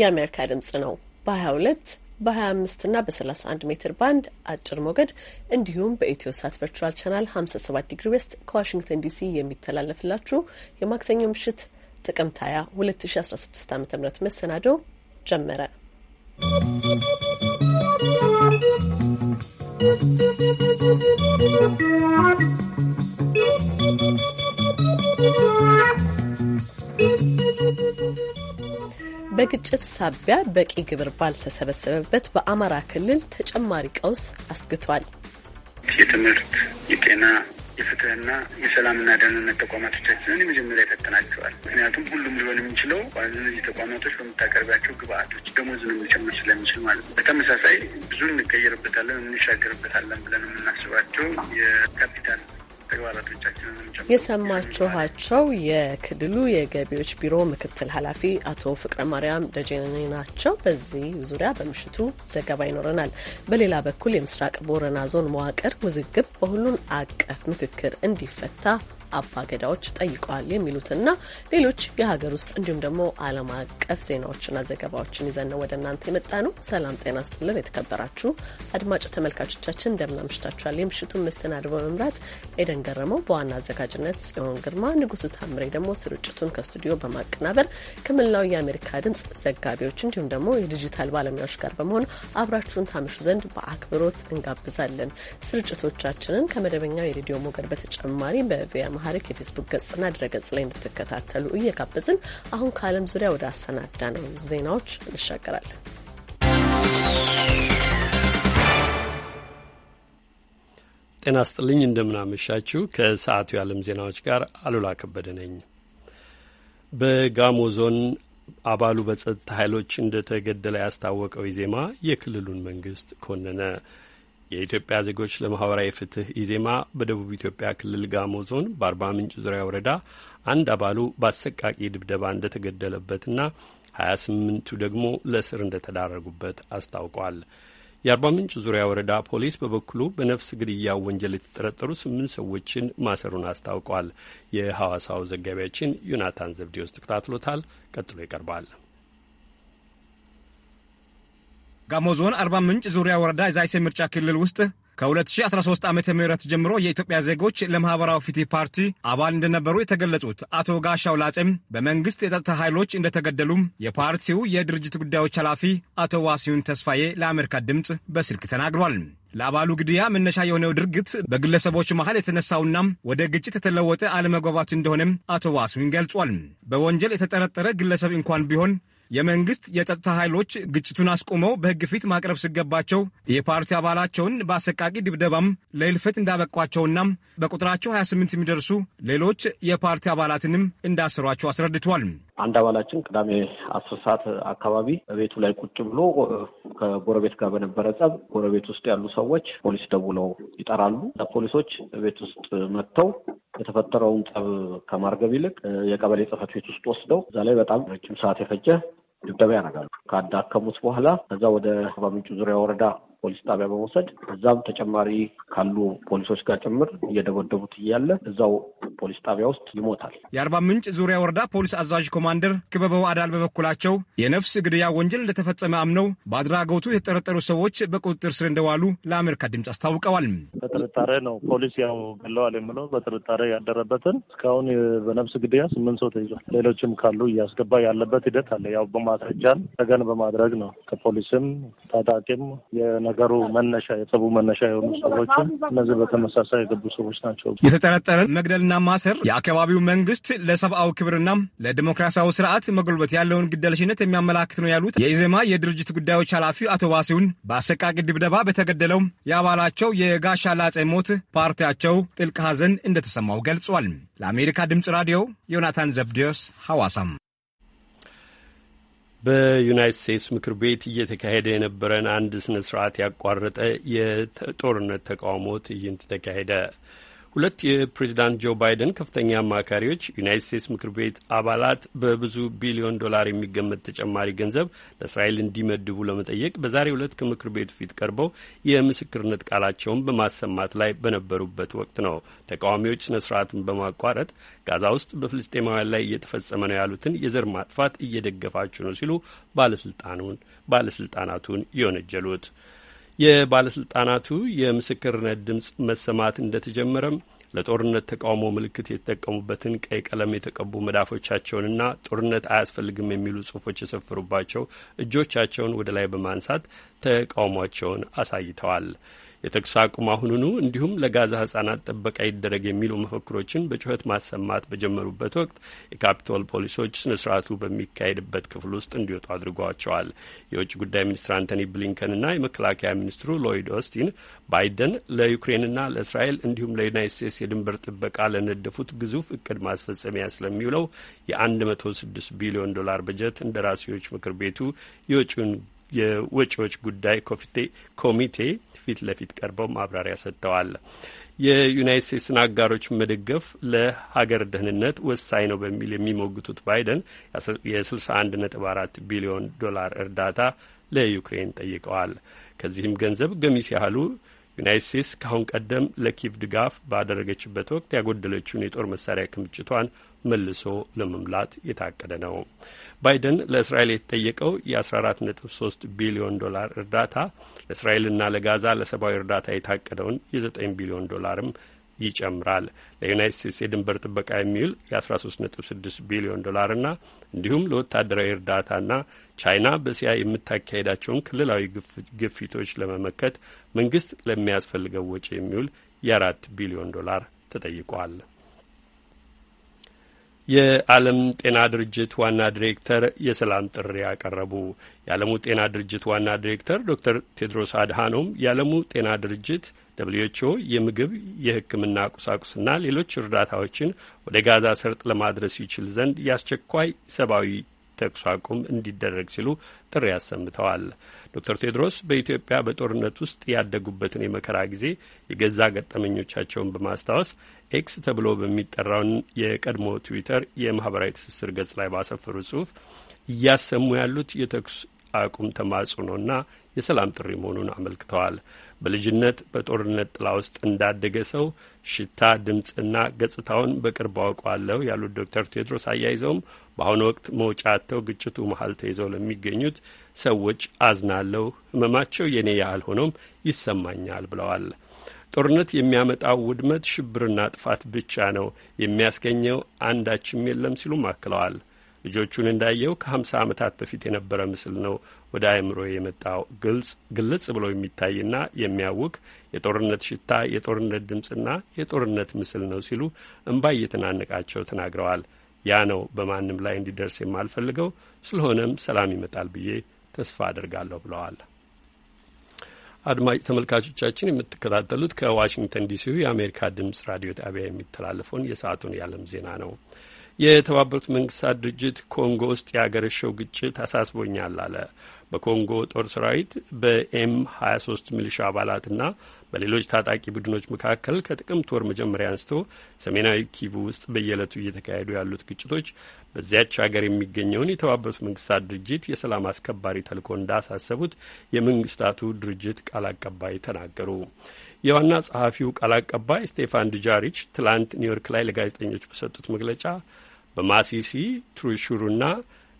የአሜሪካ ድምጽ ነው በ22 በ25 እና በ31 ሜትር ባንድ አጭር ሞገድ እንዲሁም በኢትዮ ሳት ቨርቹዋል ቻናል 57 ዲግሪ ዌስት ከዋሽንግተን ዲሲ የሚተላለፍላችሁ የማክሰኞ ምሽት ጥቅምት 20 2016 ዓ ም መሰናዶ ጀመረ። ¶¶ በግጭት ሳቢያ በቂ ግብር ባልተሰበሰበበት በአማራ ክልል ተጨማሪ ቀውስ አስግቷል። የትምህርት፣ የጤና፣ የፍትህና የሰላምና ደህንነት ተቋማቶቻችንን የመጀመሪያ ይፈትናቸዋል። ምክንያቱም ሁሉም ሊሆን የሚችለው እነዚህ ተቋማቶች በምታቀርቢያቸው ግብአቶች ነው የሚጨምር ስለሚችል ማለት ነው። በተመሳሳይ ብዙ እንቀይርበታለን እንሻገርበታለን ብለን የምናስባቸው የካፒታል የሰማችኋቸው የክልሉ የገቢዎች ቢሮ ምክትል ኃላፊ አቶ ፍቅረ ማርያም ደጀኔ ናቸው። በዚህ ዙሪያ በምሽቱ ዘገባ ይኖረናል። በሌላ በኩል የምስራቅ ቦረና ዞን መዋቅር ውዝግብ በሁሉን አቀፍ ምክክር እንዲፈታ አባገዳዎች ጠይቀዋል የሚሉትና ሌሎች የሀገር ውስጥ እንዲሁም ደግሞ ዓለም አቀፍ ዜናዎችና ዘገባዎችን ይዘን ነው ወደ እናንተ የመጣ ነው። ሰላም ጤና ስጥልን። የተከበራችሁ አድማጭ ተመልካቾቻችን እንደምን አምሽታችኋል። የምሽቱን መሰናድ በመምራት ኤደን ገረመው፣ በዋና አዘጋጅነት ጽዮን ግርማ፣ ንጉሱ ታምሬ ደግሞ ስርጭቱን ከስቱዲዮ በማቀናበር ከመላው የአሜሪካ ድምጽ ዘጋቢዎች እንዲሁም ደግሞ የዲጂታል ባለሙያዎች ጋር በመሆን አብራችሁን ታምሹ ዘንድ በአክብሮት እንጋብዛለን። ስርጭቶቻችንን ከመደበኛው የሬዲዮ ሞገድ በተጨማሪ በቪያ አማሐሪክ የፌስቡክ ገጽና ድረገጽ ላይ እንድትከታተሉ እየጋበዝን አሁን ከዓለም ዙሪያ ወደ አሰናዳ ነው ዜናዎች እንሻገራለን። ጤና ስጥልኝ፣ እንደምናመሻችሁ። ከሰዓቱ የዓለም ዜናዎች ጋር አሉላ ከበደ ነኝ። በጋሞ ዞን አባሉ በጸጥታ ኃይሎች እንደተገደለ ያስታወቀው ኢዜማ የክልሉን መንግስት ኮነነ። የኢትዮጵያ ዜጎች ለማህበራዊ ፍትህ ኢዜማ በደቡብ ኢትዮጵያ ክልል ጋሞ ዞን በአርባ ምንጭ ዙሪያ ወረዳ አንድ አባሉ በአሰቃቂ ድብደባ እንደተገደለበትና ሀያ ስምንቱ ደግሞ ለእስር እንደተዳረጉበት አስታውቋል። የአርባ ምንጭ ዙሪያ ወረዳ ፖሊስ በበኩሉ በነፍስ ግድያ ወንጀል የተጠረጠሩ ስምንት ሰዎችን ማሰሩን አስታውቋል። የሐዋሳው ዘጋቢያችን ዮናታን ዘብዴዎስ ተከታትሎታል። ቀጥሎ ይቀርባል። ጋሞ ዞን አርባ ምንጭ ዙሪያ ወረዳ የዛይሴ ምርጫ ክልል ውስጥ ከ2013 ዓ ም ጀምሮ የኢትዮጵያ ዜጎች ለማኅበራዊ ፍትህ ፓርቲ አባል እንደነበሩ የተገለጹት አቶ ጋሻው ላጼም በመንግሥት የጸጥታ ኃይሎች እንደተገደሉም የፓርቲው የድርጅት ጉዳዮች ኃላፊ አቶ ዋሲዩን ተስፋዬ ለአሜሪካ ድምፅ በስልክ ተናግሯል። ለአባሉ ግድያ መነሻ የሆነው ድርጊት በግለሰቦች መሃል የተነሳውና ወደ ግጭት የተለወጠ አለመግባባት እንደሆነም አቶ ዋሲዩን ገልጿል። በወንጀል የተጠረጠረ ግለሰብ እንኳን ቢሆን የመንግስት የጸጥታ ኃይሎች ግጭቱን አስቆመው በሕግ ፊት ማቅረብ ሲገባቸው የፓርቲ አባላቸውን በአሰቃቂ ድብደባም ለእልፈት እንዳበቋቸውና በቁጥራቸው 28 የሚደርሱ ሌሎች የፓርቲ አባላትንም እንዳሰሯቸው አስረድቷል። አንድ አባላችን ቅዳሜ አስር ሰዓት አካባቢ ቤቱ ላይ ቁጭ ብሎ ከጎረቤት ጋር በነበረ ጸብ ጎረቤት ውስጥ ያሉ ሰዎች ፖሊስ ደውለው ይጠራሉ። ፖሊሶች ቤት ውስጥ መጥተው የተፈጠረውን ጸብ ከማርገብ ይልቅ የቀበሌ ጽሕፈት ቤት ውስጥ ወስደው እዛ ላይ በጣም ረጅም ሰዓት የፈጀ ድብደባ ያደርጋሉ። ካዳከሙት በኋላ ከዛ ወደ አርባ ምንጭ ዙሪያ ወረዳ ፖሊስ ጣቢያ በመውሰድ እዛም ተጨማሪ ካሉ ፖሊሶች ጋር ጭምር እየደበደቡት እያለ እዛው ፖሊስ ጣቢያ ውስጥ ይሞታል። የአርባ ምንጭ ዙሪያ ወረዳ ፖሊስ አዛዥ ኮማንደር ክበበው አዳል በበኩላቸው የነፍስ ግድያ ወንጀል እንደተፈጸመ አምነው በአድራጎቱ የተጠረጠሩ ሰዎች በቁጥጥር ስር እንደዋሉ ለአሜሪካ ድምፅ አስታውቀዋል። በጥርጣሬ ነው ፖሊስ ያው ገለዋል የምለው በጥርጣሬ ያደረበትን እስካሁን በነፍስ ግድያ ስምንት ሰው ተይዟል። ሌሎችም ካሉ እያስገባ ያለበት ሂደት አለ። ያው በማስረጃን ተገን በማድረግ ነው ከፖሊስም ታጣቂም የነገሩ መነሻ የጸቡ መነሻ የሆኑ ሰዎችም እነዚህ በተመሳሳይ የገቡ ሰዎች ናቸው። የተጠረጠረን መግደልና ማሰር የአካባቢው መንግስት ለሰብአዊ ክብርና ለዲሞክራሲያዊ ስርዓት መጎልበት ያለውን ግደለሽነት የሚያመላክት ነው ያሉት የኢዜማ የድርጅት ጉዳዮች ኃላፊ አቶ ባሲሁን በአሰቃቂ ድብደባ በተገደለው የአባላቸው የጋሻ ላጼ ሞት ፓርቲያቸው ጥልቅ ሐዘን እንደተሰማው ገልጿል። ለአሜሪካ ድምፅ ራዲዮ ዮናታን ዘብዴዎስ ሐዋሳም በዩናይት ስቴትስ ምክር ቤት እየተካሄደ የነበረን አንድ ስነ ስርዓት ያቋረጠ የጦርነት ተቃውሞ ትዕይንት ተካሄደ። ሁለት የፕሬዚዳንት ጆ ባይደን ከፍተኛ አማካሪዎች ዩናይት ስቴትስ ምክር ቤት አባላት በብዙ ቢሊዮን ዶላር የሚገመት ተጨማሪ ገንዘብ ለእስራኤል እንዲመድቡ ለመጠየቅ በዛሬው ዕለት ከምክር ቤቱ ፊት ቀርበው የምስክርነት ቃላቸውን በማሰማት ላይ በነበሩበት ወቅት ነው ተቃዋሚዎች ስነ ስርዓትን በማቋረጥ ጋዛ ውስጥ በፍልስጤማውያን ላይ እየተፈጸመ ነው ያሉትን የዘር ማጥፋት እየደገፋችሁ ነው ሲሉ ባለስልጣናቱን የወነጀሉት። የባለስልጣናቱ የምስክርነት ድምፅ መሰማት እንደተጀመረም ለጦርነት ተቃውሞ ምልክት የተጠቀሙበትን ቀይ ቀለም የተቀቡ መዳፎቻቸውንና ጦርነት አያስፈልግም የሚሉ ጽሁፎች የሰፈሩባቸው እጆቻቸውን ወደ ላይ በማንሳት ተቃውሟቸውን አሳይተዋል። የተኩስ አቁም አሁኑኑ እንዲሁም ለጋዛ ህጻናት ጥበቃ ይደረግ የሚሉ መፈክሮችን በጩኸት ማሰማት በጀመሩበት ወቅት የካፒቶል ፖሊሶች ስነ ስርዓቱ በሚካሄድበት ክፍል ውስጥ እንዲወጡ አድርጓቸዋል። የውጭ ጉዳይ ሚኒስትር አንቶኒ ብሊንከንና የመከላከያ ሚኒስትሩ ሎይድ ኦስቲን ባይደን ለዩክሬንና ለእስራኤል እንዲሁም ለዩናይት ስቴትስ የድንበር ጥበቃ ለነደፉት ግዙፍ እቅድ ማስፈጸሚያ ስለሚውለው የ106 ቢሊዮን ዶላር በጀት እንደራሴዎች ምክር ቤቱ የውጭውን የወጪዎች ጉዳይ ኮሚቴ ፊት ለፊት ቀርበው ማብራሪያ ሰጥተዋል። የዩናይት ስቴትስን አጋሮች መደገፍ ለሀገር ደህንነት ወሳኝ ነው በሚል የሚሞግቱት ባይደን የ61.4 ቢሊዮን ዶላር እርዳታ ለዩክሬን ጠይቀዋል። ከዚህም ገንዘብ ገሚስ ያህሉ ዩናይት ስቴትስ ከአሁን ቀደም ለኪቭ ድጋፍ ባደረገችበት ወቅት ያጎደለችውን የጦር መሳሪያ ክምችቷን መልሶ ለመምላት የታቀደ ነው። ባይደን ለእስራኤል የተጠየቀው የ14.3 ቢሊዮን ዶላር እርዳታ ለእስራኤልና ለጋዛ ለሰብአዊ እርዳታ የታቀደውን የ9 ቢሊዮን ዶላርም ይጨምራል። ለዩናይት ስቴትስ የድንበር ጥበቃ የሚውል የ13.6 ቢሊዮን ዶላርና እንዲሁም ለወታደራዊ እርዳታና ቻይና በእስያ የምታካሄዳቸውን ክልላዊ ግፊቶች ለመመከት መንግስት ለሚያስፈልገው ወጪ የሚውል የአራት ቢሊዮን ዶላር ተጠይቋል። የዓለም ጤና ድርጅት ዋና ዲሬክተር የሰላም ጥሪ ያቀረቡ። የዓለሙ ጤና ድርጅት ዋና ዲሬክተር ዶክተር ቴድሮስ አድሃኖም የዓለሙ ጤና ድርጅት ደብልዩኤችኦ የምግብ የሕክምና ቁሳቁስና ሌሎች እርዳታዎችን ወደ ጋዛ ሰርጥ ለማድረስ ይችል ዘንድ የአስቸኳይ ሰብአዊ ተኩስ አቁም እንዲደረግ ሲሉ ጥሪ አሰምተዋል። ዶክተር ቴድሮስ በኢትዮጵያ በጦርነት ውስጥ ያደጉበትን የመከራ ጊዜ የገዛ ገጠመኞቻቸውን በማስታወስ ኤክስ ተብሎ በሚጠራውን የቀድሞ ትዊተር የማህበራዊ ትስስር ገጽ ላይ ባሰፈሩ ጽሁፍ እያሰሙ ያሉት የተኩስ አቁም ተማጽኖና የሰላም ጥሪ መሆኑን አመልክተዋል። በልጅነት በጦርነት ጥላ ውስጥ እንዳደገ ሰው ሽታ ድምፅና ገጽታውን በቅርብ አውቀዋለሁ ያሉት ዶክተር ቴድሮስ አያይዘውም በአሁኑ ወቅት መውጫ አጥተው ግጭቱ መሀል ተይዘው ለሚገኙት ሰዎች አዝናለሁ፣ ህመማቸው የኔ ያህል ሆኖም ይሰማኛል ብለዋል። ጦርነት የሚያመጣው ውድመት ሽብርና ጥፋት ብቻ ነው፣ የሚያስገኘው አንዳችም የለም ሲሉም አክለዋል። ልጆቹን እንዳየው ከ50 ዓመታት በፊት የነበረ ምስል ነው ወደ አእምሮ የመጣው። ግልጽ ብሎ የሚታይና የሚያውቅ የጦርነት ሽታ፣ የጦርነት ድምፅና የጦርነት ምስል ነው ሲሉ እምባ እየተናነቃቸው ተናግረዋል። ያ ነው በማንም ላይ እንዲደርስ የማልፈልገው፣ ስለሆነም ሰላም ይመጣል ብዬ ተስፋ አድርጋለሁ ብለዋል። አድማጭ ተመልካቾቻችን የምትከታተሉት ከዋሽንግተን ዲሲው የአሜሪካ ድምፅ ራዲዮ ጣቢያ የሚተላለፈውን የሰዓቱን የዓለም ዜና ነው። የተባበሩት መንግስታት ድርጅት ኮንጎ ውስጥ ያገረሸው ግጭት አሳስቦኛል አለ። በኮንጎ ጦር ሰራዊት በኤም 23 ሚሊሻ አባላትና በሌሎች ታጣቂ ቡድኖች መካከል ከጥቅምት ወር መጀመሪያ አንስቶ ሰሜናዊ ኪቭ ውስጥ በየዕለቱ እየተካሄዱ ያሉት ግጭቶች በዚያች ሀገር የሚገኘውን የተባበሩት መንግስታት ድርጅት የሰላም አስከባሪ ተልእኮ እንዳሳሰቡት የመንግስታቱ ድርጅት ቃል አቀባይ ተናገሩ። የዋና ጸሐፊው ቃል አቀባይ ስቴፋን ዱጃሪች ትላንት ኒውዮርክ ላይ ለጋዜጠኞች በሰጡት መግለጫ በማሲሲ ትሩሹሩና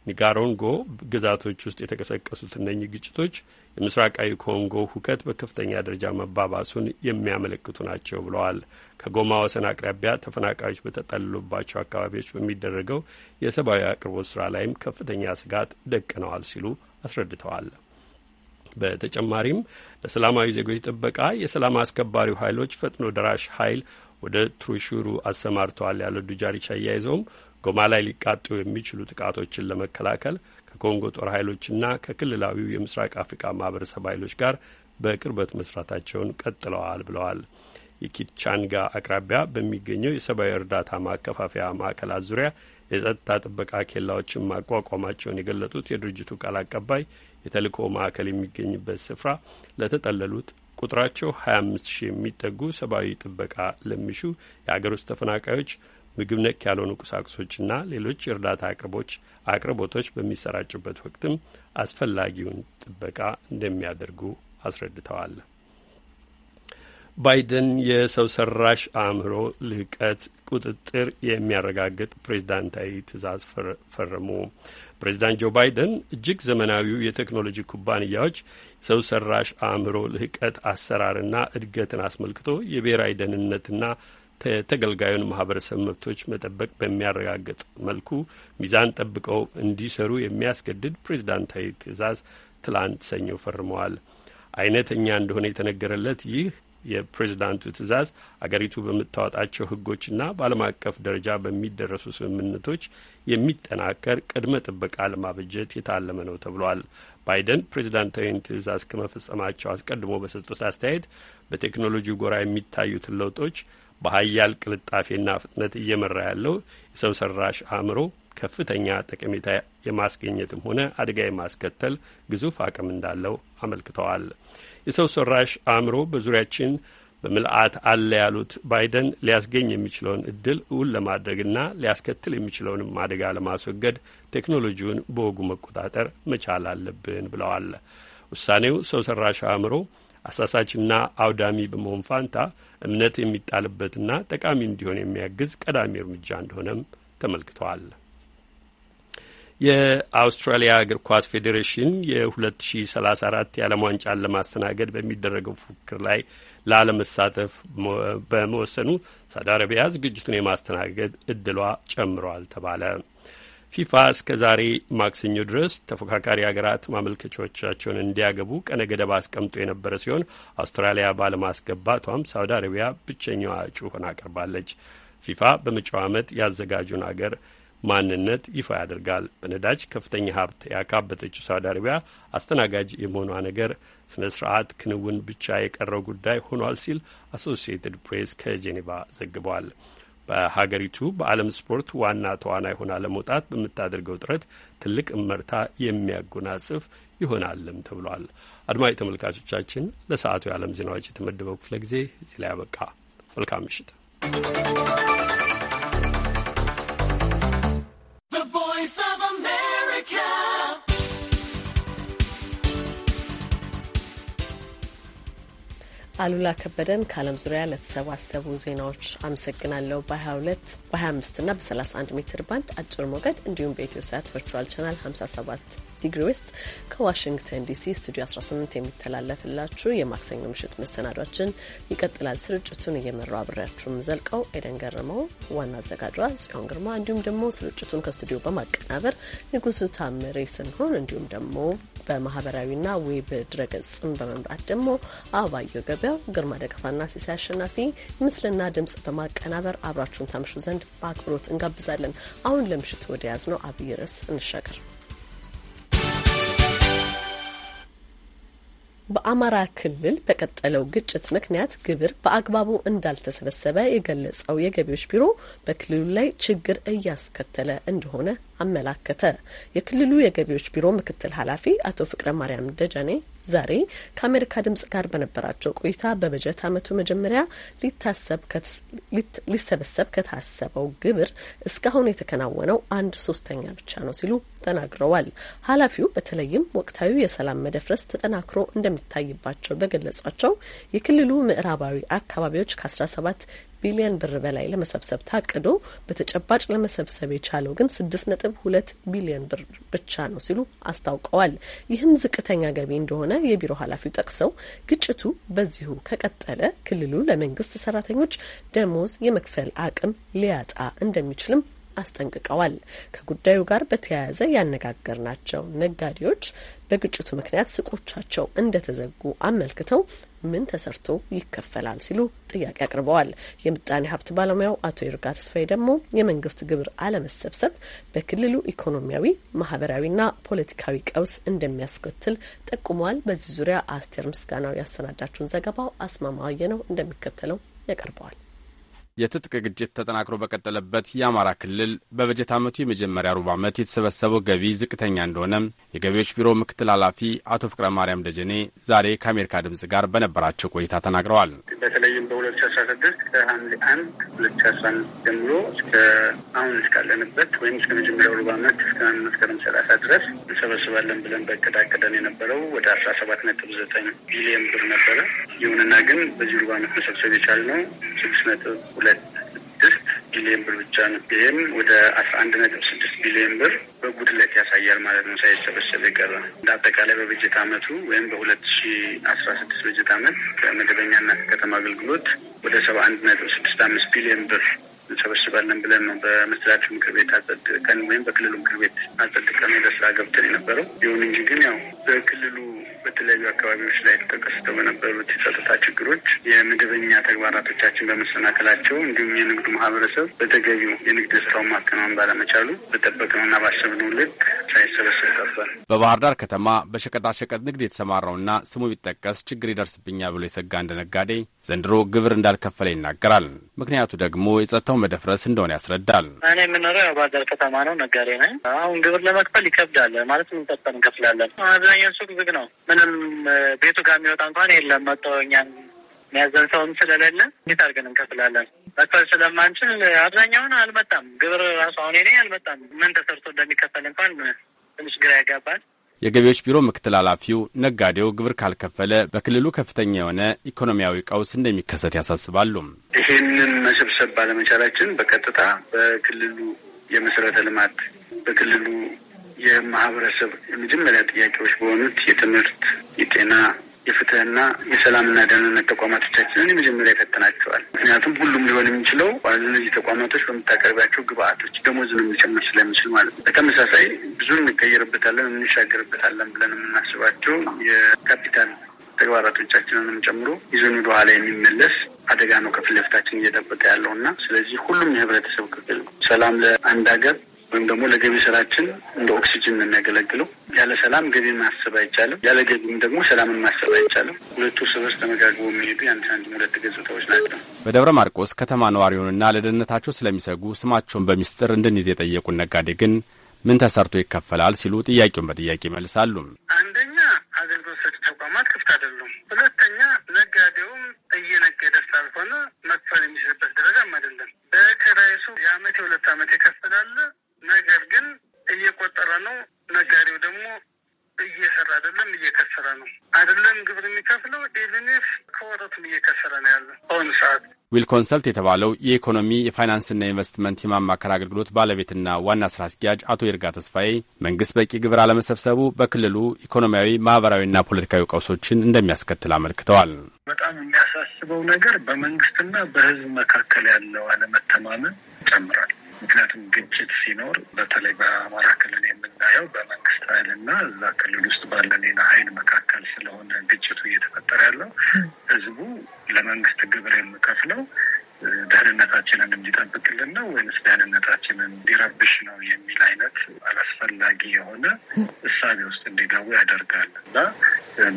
ኒጋሮንጎ ግዛቶች ውስጥ የተቀሰቀሱት እነኚህ ግጭቶች የምስራቃዊ ኮንጎ ሁከት በከፍተኛ ደረጃ መባባሱን የሚያመለክቱ ናቸው ብለዋል። ከጎማ ወሰን አቅራቢያ ተፈናቃዮች በተጠለሉባቸው አካባቢዎች በሚደረገው የሰብአዊ አቅርቦት ስራ ላይም ከፍተኛ ስጋት ደቅነዋል ሲሉ አስረድተዋል። በተጨማሪም ለሰላማዊ ዜጎች ጥበቃ የሰላም አስከባሪው ኃይሎች ፈጥኖ ደራሽ ኃይል ወደ ትሩሹሩ አሰማርተዋል ያለ ዱጃሪች አያይዘውም ጎማ ላይ ሊቃጡ የሚችሉ ጥቃቶችን ለመከላከል ከኮንጎ ጦር ኃይሎችና ከክልላዊው የምስራቅ አፍሪካ ማህበረሰብ ኃይሎች ጋር በቅርበት መስራታቸውን ቀጥለዋል ብለዋል። የኪቻንጋ አቅራቢያ በሚገኘው የሰብአዊ እርዳታ ማከፋፈያ ማዕከላት ዙሪያ የጸጥታ ጥበቃ ኬላዎችን ማቋቋማቸውን የገለጡት የድርጅቱ ቃል አቀባይ የተልእኮ ማዕከል የሚገኝበት ስፍራ ለተጠለሉት ቁጥራቸው 25 ሺህ የሚጠጉ ሰብአዊ ጥበቃ ለሚሹ የአገር ውስጥ ተፈናቃዮች ምግብ ነክ ያልሆኑ ቁሳቁሶችና ሌሎች የእርዳታ አቅርቦች አቅርቦቶች በሚሰራጩበት ወቅትም አስፈላጊውን ጥበቃ እንደሚያደርጉ አስረድተዋል። ባይደን የሰው ሰራሽ አእምሮ ልህቀት ቁጥጥር የሚያረጋግጥ ፕሬዝዳንታዊ ትእዛዝ ፈረሙ። ፕሬዝዳንት ጆ ባይደን እጅግ ዘመናዊው የቴክኖሎጂ ኩባንያዎች ሰው ሰራሽ አእምሮ ልህቀት አሰራርና እድገትን አስመልክቶ የብሔራዊ ደህንነትና ተገልጋዩን ማህበረሰብ መብቶች መጠበቅ በሚያረጋግጥ መልኩ ሚዛን ጠብቀው እንዲሰሩ የሚያስገድድ ፕሬዝዳንታዊ ትእዛዝ ትላንት ሰኞ ፈርመዋል። አይነተኛ እንደሆነ የተነገረለት ይህ የፕሬዚዳንቱ ትዕዛዝ አገሪቱ በምታወጣቸው ህጎችና በዓለም አቀፍ ደረጃ በሚደረሱ ስምምነቶች የሚጠናከር ቅድመ ጥበቃ ለማበጀት የታለመ ነው ተብሏል። ባይደን ፕሬዚዳንታዊን ትዕዛዝ ከመፈጸማቸው አስቀድሞ በሰጡት አስተያየት በቴክኖሎጂ ጎራ የሚታዩትን ለውጦች በሀያል ቅልጣፌና ፍጥነት እየመራ ያለው የሰው ሰራሽ አእምሮ ከፍተኛ ጠቀሜታ የማስገኘትም ሆነ አደጋ የማስከተል ግዙፍ አቅም እንዳለው አመልክተዋል። የሰው ሰራሽ አእምሮ በዙሪያችን በምልአት አለ ያሉት ባይደን ሊያስገኝ የሚችለውን እድል እውን ለማድረግና ሊያስከትል የሚችለውንም አደጋ ለማስወገድ ቴክኖሎጂውን በወጉ መቆጣጠር መቻል አለብን ብለዋል። ውሳኔው ሰው ሰራሽ አእምሮ አሳሳችና አውዳሚ በመሆን ፋንታ እምነት የሚጣልበትና ጠቃሚ እንዲሆን የሚያግዝ ቀዳሚ እርምጃ እንደሆነም ተመልክተዋል። የአውስትራሊያ እግር ኳስ ፌዴሬሽን የ2034 የዓለም ዋንጫን ለማስተናገድ በሚደረገው ፉክክር ላይ ላለመሳተፍ በመወሰኑ ሳውዲ አረቢያ ዝግጅቱን የማስተናገድ እድሏ ጨምሯል ተባለ። ፊፋ እስከ ዛሬ ማክሰኞ ድረስ ተፎካካሪ ሀገራት ማመልከቻዎቻቸውን እንዲያገቡ ቀነ ገደብ አስቀምጦ የነበረ ሲሆን አውስትራሊያ ባለማስገባቷም ሳውዲ አረቢያ ብቸኛዋ እጩ ሆና ቀርባለች። ፊፋ በመጪው ዓመት ያዘጋጁን አገር ማንነት ይፋ ያደርጋል። በነዳጅ ከፍተኛ ሀብት ያካበተችው ሳውዲ አረቢያ አስተናጋጅ የመሆኗ ነገር ስነ ስርዓት ክንውን ብቻ የቀረው ጉዳይ ሆኗል ሲል አሶሲየትድ ፕሬስ ከጄኔቫ ዘግቧል። በሀገሪቱ በዓለም ስፖርት ዋና ተዋናይ ሆና ለመውጣት በምታደርገው ጥረት ትልቅ እመርታ የሚያጎናጽፍ ይሆናልም ተብሏል። አድማጭ ተመልካቾቻችን ለሰዓቱ የዓለም ዜናዎች የተመደበው ክፍለ ጊዜ እዚህ ላይ ያበቃ። መልካም ምሽት። አሉላ ከበደን ከዓለም ዙሪያ ለተሰባሰቡ ዜናዎች አመሰግናለሁ። በ22 በ25 እና በ31 ሜትር ባንድ አጭር ሞገድ እንዲሁም በኢትዮ ሳት ቨርቹዋል ቻናል 57 ዲግሪ ውስጥ ከዋሽንግተን ዲሲ ስቱዲዮ 18 የሚተላለፍላችሁ የማክሰኞ ምሽት መሰናዷችን ይቀጥላል። ስርጭቱን እየመራው አብሬያችሁም ዘልቀው ኤደን ገርመው ዋና አዘጋጇ ጽዮን ግርማ እንዲሁም ደግሞ ስርጭቱን ከስቱዲዮ በማቀናበር ንጉሱ ታምሬ ስንሆን እንዲሁም ደግሞ በማህበራዊና ዌብ ድረገጽን በመምራት ደግሞ አባየው ገበ መግቢያው ግርማ ደገፋና ሲሳይ አሸናፊ ምስልና ድምጽ በማቀናበር አብራችሁን ታምሹ ዘንድ በአክብሮት እንጋብዛለን። አሁን ለምሽቱ ወደ ነው አብይ ርዕስ እንሻገር። በአማራ ክልል በቀጠለው ግጭት ምክንያት ግብር በአግባቡ እንዳልተሰበሰበ የገለጸው የገቢዎች ቢሮ በክልሉ ላይ ችግር እያስከተለ እንደሆነ አመላከተ። የክልሉ የገቢዎች ቢሮ ምክትል ኃላፊ አቶ ፍቅረ ማርያም ደጃኔ። ዛሬ ከአሜሪካ ድምጽ ጋር በነበራቸው ቆይታ በበጀት ዓመቱ መጀመሪያ ሊሰበሰብ ከታሰበው ግብር እስካሁን የተከናወነው አንድ ሶስተኛ ብቻ ነው ሲሉ ተናግረዋል። ኃላፊው በተለይም ወቅታዊ የሰላም መደፍረስ ተጠናክሮ እንደሚታይባቸው በገለጿቸው የክልሉ ምዕራባዊ አካባቢዎች ከ17 ቢሊዮን ብር በላይ ለመሰብሰብ ታቅዶ በተጨባጭ ለመሰብሰብ የቻለው ግን ስድስት ነጥብ ሁለት ቢሊዮን ብር ብቻ ነው ሲሉ አስታውቀዋል። ይህም ዝቅተኛ ገቢ እንደሆነ የቢሮ ኃላፊው ጠቅሰው ግጭቱ በዚሁ ከቀጠለ ክልሉ ለመንግስት ሰራተኞች ደሞዝ የመክፈል አቅም ሊያጣ እንደሚችልም አስጠንቅቀዋል። ከጉዳዩ ጋር በተያያዘ ያነጋገርናቸው ነጋዴዎች በግጭቱ ምክንያት ሱቆቻቸው እንደተዘጉ አመልክተው ምን ተሰርቶ ይከፈላል ሲሉ ጥያቄ አቅርበዋል። የምጣኔ ሀብት ባለሙያው አቶ ይርጋ ተስፋዬ ደግሞ የመንግስት ግብር አለመሰብሰብ በክልሉ ኢኮኖሚያዊ፣ ማህበራዊና ፖለቲካዊ ቀውስ እንደሚያስከትል ጠቁመዋል። በዚህ ዙሪያ አስቴር ምስጋናው ያሰናዳችውን ዘገባው አስማማየ ነው እንደሚከተለው ያቀርበዋል። የትጥቅ ግጭት ተጠናክሮ በቀጠለበት የአማራ ክልል በበጀት ዓመቱ የመጀመሪያ ሩብ ዓመት የተሰበሰበው ገቢ ዝቅተኛ እንደሆነ የገቢዎች ቢሮ ምክትል ኃላፊ አቶ ፍቅረ ማርያም ደጀኔ ዛሬ ከአሜሪካ ድምጽ ጋር በነበራቸው ቆይታ ተናግረዋል። በተለይም በሁለት ሺ አስራ ስድስት ከሐምሌ አንድ ሁለት ሺ አስራ ጀምሮ እስከ አሁን እስካለንበት ወይም እስከ መጀመሪያው ሩብ ዓመት እስከ መስከረም ሰላሳ ድረስ እንሰበስባለን ብለን በእቅዳቅደን የነበረው ወደ አስራ ሰባት ነጥብ ዘጠኝ ቢሊየን ብር ነበረ። ይሁንና ግን በዚህ ሩብ ዓመት መሰብሰብ የቻልነው ስድስት ነጥብ ሁለት ስድስት ቢሊዮን ብር ብቻ ነው። ይህም ወደ አስራ አንድ ነጥብ ስድስት ቢሊዮን ብር በጉድለት ያሳያል ማለት ነው። ሳይሰበሰብ የቀረ እንደ አጠቃላይ በበጀት አመቱ ወይም በሁለት ሺ አስራ ስድስት በጀት አመት ከመደበኛና ከከተማ አገልግሎት ወደ ሰባ አንድ ነጥብ ስድስት አምስት ቢሊዮን ብር እንሰበስባለን ብለን ነው በመስተዳድር ምክር ቤት አጸድቀን ወይም በክልሉ ምክር ቤት አጸድቀን ወደ ስራ ገብተን የነበረው። ይሁን እንጂ ግን ያው በክልሉ በተለያዩ አካባቢዎች ላይ ተከስተው በነበሩት የጸጥታ ችግሮች የመደበኛ ተግባራቶቻችን በመሰናከላቸው እንዲሁም የንግዱ ማህበረሰብ በተገቢው የንግድ ስራውን ማከናወን ባለመቻሉ በጠበቅነውና ባሰብነው ልክ ሳይሰበሰብ ቀርቷል። በባህር ዳር ከተማ በሸቀጣሸቀጥ ንግድ የተሰማራውና ስሙ ቢጠቀስ ችግር ይደርስብኛል ብሎ የሰጋ እንደነጋዴ ዘንድሮ ግብር እንዳልከፈለ ይናገራል። ምክንያቱ ደግሞ የጸጥታው መደፍረስ እንደሆነ ያስረዳል። እኔ የምኖረው ያው ከተማ ነው፣ ነጋዴ ነኝ። አሁን ግብር ለመክፈል ይከብዳል ማለት ምንጠጠር እንከፍላለን። አብዛኛው ሱቅ ዝግ ነው። ምንም ቤቱ ጋር የሚወጣ እንኳን የለም። መጠው እኛን የሚያዘን ሰውም ስለሌለ እንዴት አድርገን እንከፍላለን? መክፈል ስለማንችል አብዛኛውን አልመጣም። ግብር ራሱ አሁን እኔ አልመጣም። ምን ተሰርቶ እንደሚከፈል እንኳን ትንሽ ግራ ያጋባል። የገቢዎች ቢሮ ምክትል ኃላፊው ነጋዴው ግብር ካልከፈለ በክልሉ ከፍተኛ የሆነ ኢኮኖሚያዊ ቀውስ እንደሚከሰት ያሳስባሉ። ይህንን መሰብሰብ ባለመቻላችን በቀጥታ በክልሉ የመሰረተ ልማት በክልሉ የማህበረሰብ የመጀመሪያ ጥያቄዎች በሆኑት የትምህርት፣ የጤና የፍትህና የሰላምና ደህንነት ተቋማቶቻችንን የመጀመሪያ ይፈትናቸዋል። ምክንያቱም ሁሉም ሊሆን የሚችለው እነዚህ ተቋማቶች በምታቀርቢያቸው ግብአቶች ነው የሚጨምር ስለሚችል ማለት ነው። በተመሳሳይ ብዙ እንቀይርበታለን፣ እንሻገርበታለን ብለን የምናስባቸው የካፒታል ተግባራቶቻችንንም ጨምሮ ይዞን ወደ ኋላ የሚመለስ አደጋ ነው ከፊት ለፊታችን እየጠበቀ ያለው እና ስለዚህ ሁሉም የህብረተሰብ ክፍል ሰላም ለአንድ ሀገር ወይም ደግሞ ለገቢ ስራችን እንደ ኦክሲጅን የሚያገለግለው። ያለ ሰላም ገቢ ማሰብ አይቻልም። ያለ ገቢም ደግሞ ሰላምን ማሰብ አይቻልም። ሁለቱ ስበስ ተመጋግቦ የሚሄዱ የአንድ አንድ ሁለት ገጽታዎች ናቸው። በደብረ ማርቆስ ከተማ ነዋሪውንና ለደህንነታቸው ስለሚሰጉ ስማቸውን በሚስጥር እንድንይዝ የጠየቁን ነጋዴ ግን ምን ተሰርቶ ይከፈላል ሲሉ ጥያቄውን በጥያቄ ይመልሳሉ። አንደኛ አገልግሎት ሰጪ ተቋማት ክፍት አይደሉም። ሁለተኛ ነጋዴውም እየነገደ ስላልሆነ መክፈል የሚችልበት ደረጃም አይደለም። በከራይሱ የአመት የሁለት አመት የከፈላለ ነገር ግን እየቆጠረ ነው ነጋዴው ደግሞ እየሰራ አይደለም፣ እየከሰረ ነው። አይደለም ግብር የሚከፍለው ኢቭኒፍ ከወረቱም እየከሰረ ነው ያለ በአሁኑ ሰዓት። ዊል ኮንሰልት የተባለው የኢኮኖሚ የፋይናንስና ኢንቨስትመንት የማማከር አገልግሎት ባለቤትና ዋና ስራ አስኪያጅ አቶ ይርጋ ተስፋዬ መንግስት በቂ ግብር አለመሰብሰቡ በክልሉ ኢኮኖሚያዊ፣ ማህበራዊና ፖለቲካዊ ቀውሶችን እንደሚያስከትል አመልክተዋል። በጣም የሚያሳስበው ነገር በመንግስትና በህዝብ መካከል ያለው አለመተማመን ይጨምራል። ምክንያቱም ግጭት ሲኖር በተለይ በአማራ ክልል የምናየው በመንግስት ኃይል እና እዛ ክልል ውስጥ ባለ ሌላ ኃይል መካከል ስለሆነ ግጭቱ እየተፈጠረ ያለው ህዝቡ ለመንግስት ግብር የምከፍለው ደህንነታችንን እንዲጠብቅልን ነው ወይንስ ደህንነታችንን እንዲረብሽ ነው የሚል አይነት አላስፈላጊ የሆነ እሳቤ ውስጥ እንዲገቡ ያደርጋል እና